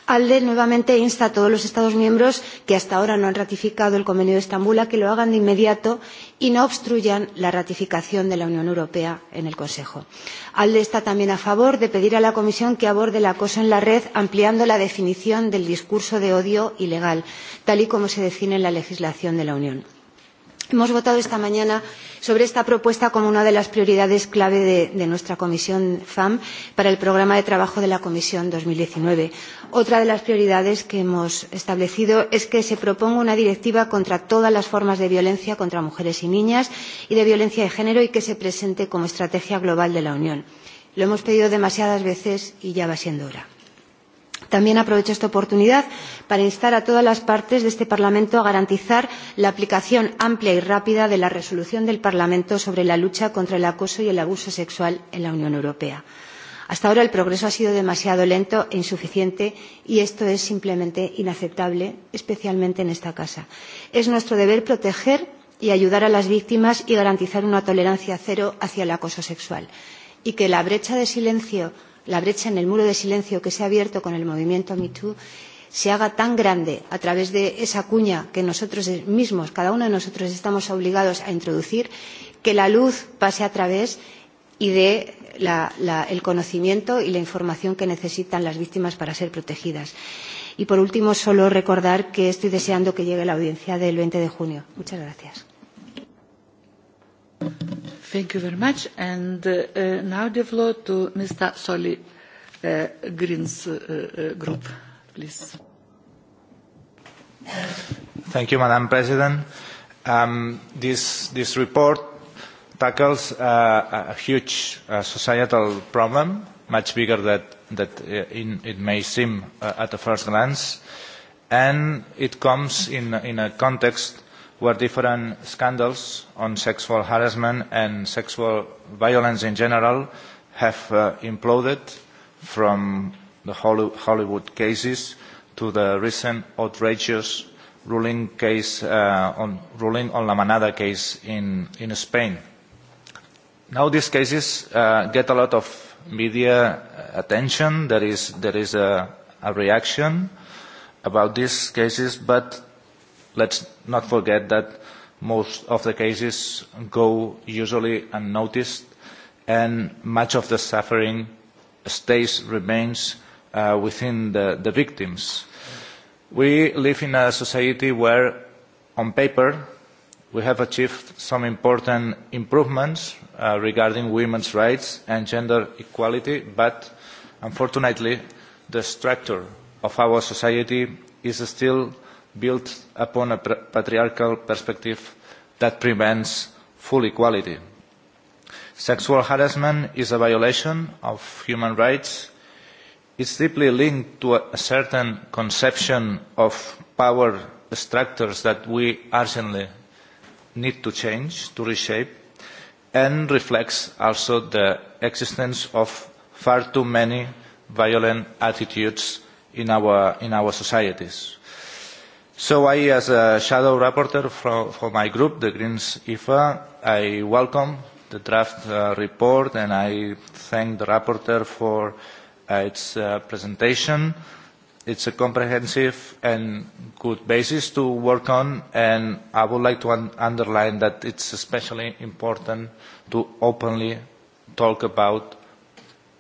ALDE nuevamente insta a todos los Estados miembros que hasta ahora no han ratificado el Convenio de Estambul a que lo hagan de inmediato y no obstruyan la ratificación de la Unión Europea en el Consejo. ALDE está también a favor de pedir a la Comisión que aborde el acoso en la red ampliando la definición del discurso de odio ilegal, tal y como se define en la legislación de la Unión. Hemos votado esta mañana sobre esta propuesta como una de las prioridades clave de, de nuestra Comisión FAM para el programa de trabajo de la Comisión 2019. Otra de las prioridades que hemos establecido es que se proponga una directiva contra todas las formas de violencia contra mujeres y niñas y de violencia de género y que se presente como estrategia global de la Unión. Lo hemos pedido demasiadas veces y ya va siendo hora. También aprovecho esta oportunidad para instar a todas las partes de este Parlamento a garantizar la aplicación amplia y rápida de la resolución del Parlamento sobre la lucha contra el acoso y el abuso sexual en la Unión Europea. Hasta ahora el progreso ha sido demasiado lento e insuficiente y esto es simplemente inaceptable, especialmente en esta casa. Es nuestro deber proteger y ayudar a las víctimas y garantizar una tolerancia cero hacia el acoso sexual. Y que la brecha de silencio, la brecha en el muro de silencio que se ha abierto con el movimiento MeToo se haga tan grande a través de esa cuña que nosotros mismos, cada uno de nosotros, estamos obligados a introducir, que la luz pase a través y dé la, la, el conocimiento y la información que necesitan las víctimas para ser protegidas. Y, por último, solo recordar que estoy deseando que llegue la audiencia del 20 de junio. Muchas gracias. Thank you very much. And uh, uh, now the floor to Mr. Solly uh, Green's uh, uh, group, please. Thank you, Madam President. Um, this, this report tackles uh, a huge uh, societal problem, much bigger than that uh, in, it may seem uh, at the first glance, and it comes in, in a context where different scandals on sexual harassment and sexual violence in general have uh, imploded from the Hollywood cases to the recent outrageous ruling case uh, on ruling on La Manada case in, in Spain Now these cases uh, get a lot of media attention. There is, there is a, a reaction about these cases, but let's not forget that most of the cases go usually unnoticed and much of the suffering stays, remains uh, within the, the victims. We live in a society where, on paper, we have achieved some important improvements uh, regarding women's rights and gender equality, but unfortunately, the structure of our society is still built upon a patriarchal perspective that prevents full equality. Sexual harassment is a violation of human rights. It's deeply linked to a certain conception of power structures that we urgently need to change, to reshape, and reflects also the existence of far too many violent attitudes in our, in our societies. So I, as a shadow rapporteur for, for my group, the Greens IFA, I welcome the draft uh, report and I thank the rapporteur for uh, its uh, presentation. Uh, it's a comprehensive and good basis to work on, and I would like to un underline that it's especially important to openly talk about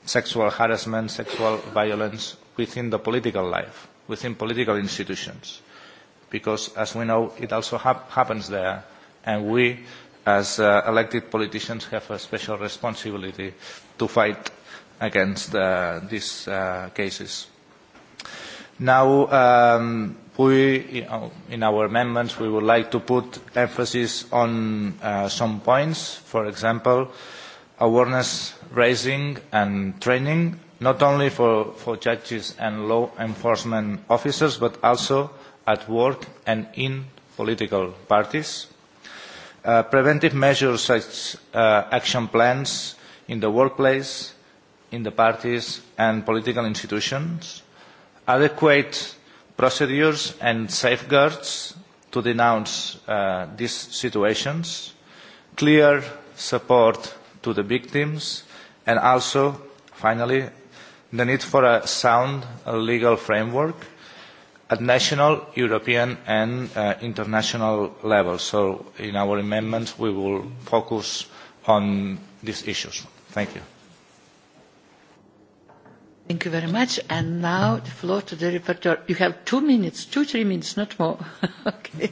sexual harassment, sexual violence within the political life, within political institutions, because as we know, it also ha happens there, and we, as uh, elected politicians, have a special responsibility to fight against uh, these uh, cases. Now, um, we, in our amendments, we would like to put emphasis on uh, some points. For example, awareness raising and training, not only for, for judges and law enforcement officers, but also at work and in political parties. Uh, preventive measures such uh, action plans in the workplace, in the parties and political institutions adequate procedures and safeguards to denounce uh, these situations, clear support to the victims, and also, finally, the need for a sound legal framework at national, European and uh, international level. So in our amendments we will focus on these issues. Thank you. Thank you very much. And now the floor to the rapporteur. You have two minutes, two, three minutes, not more. okay.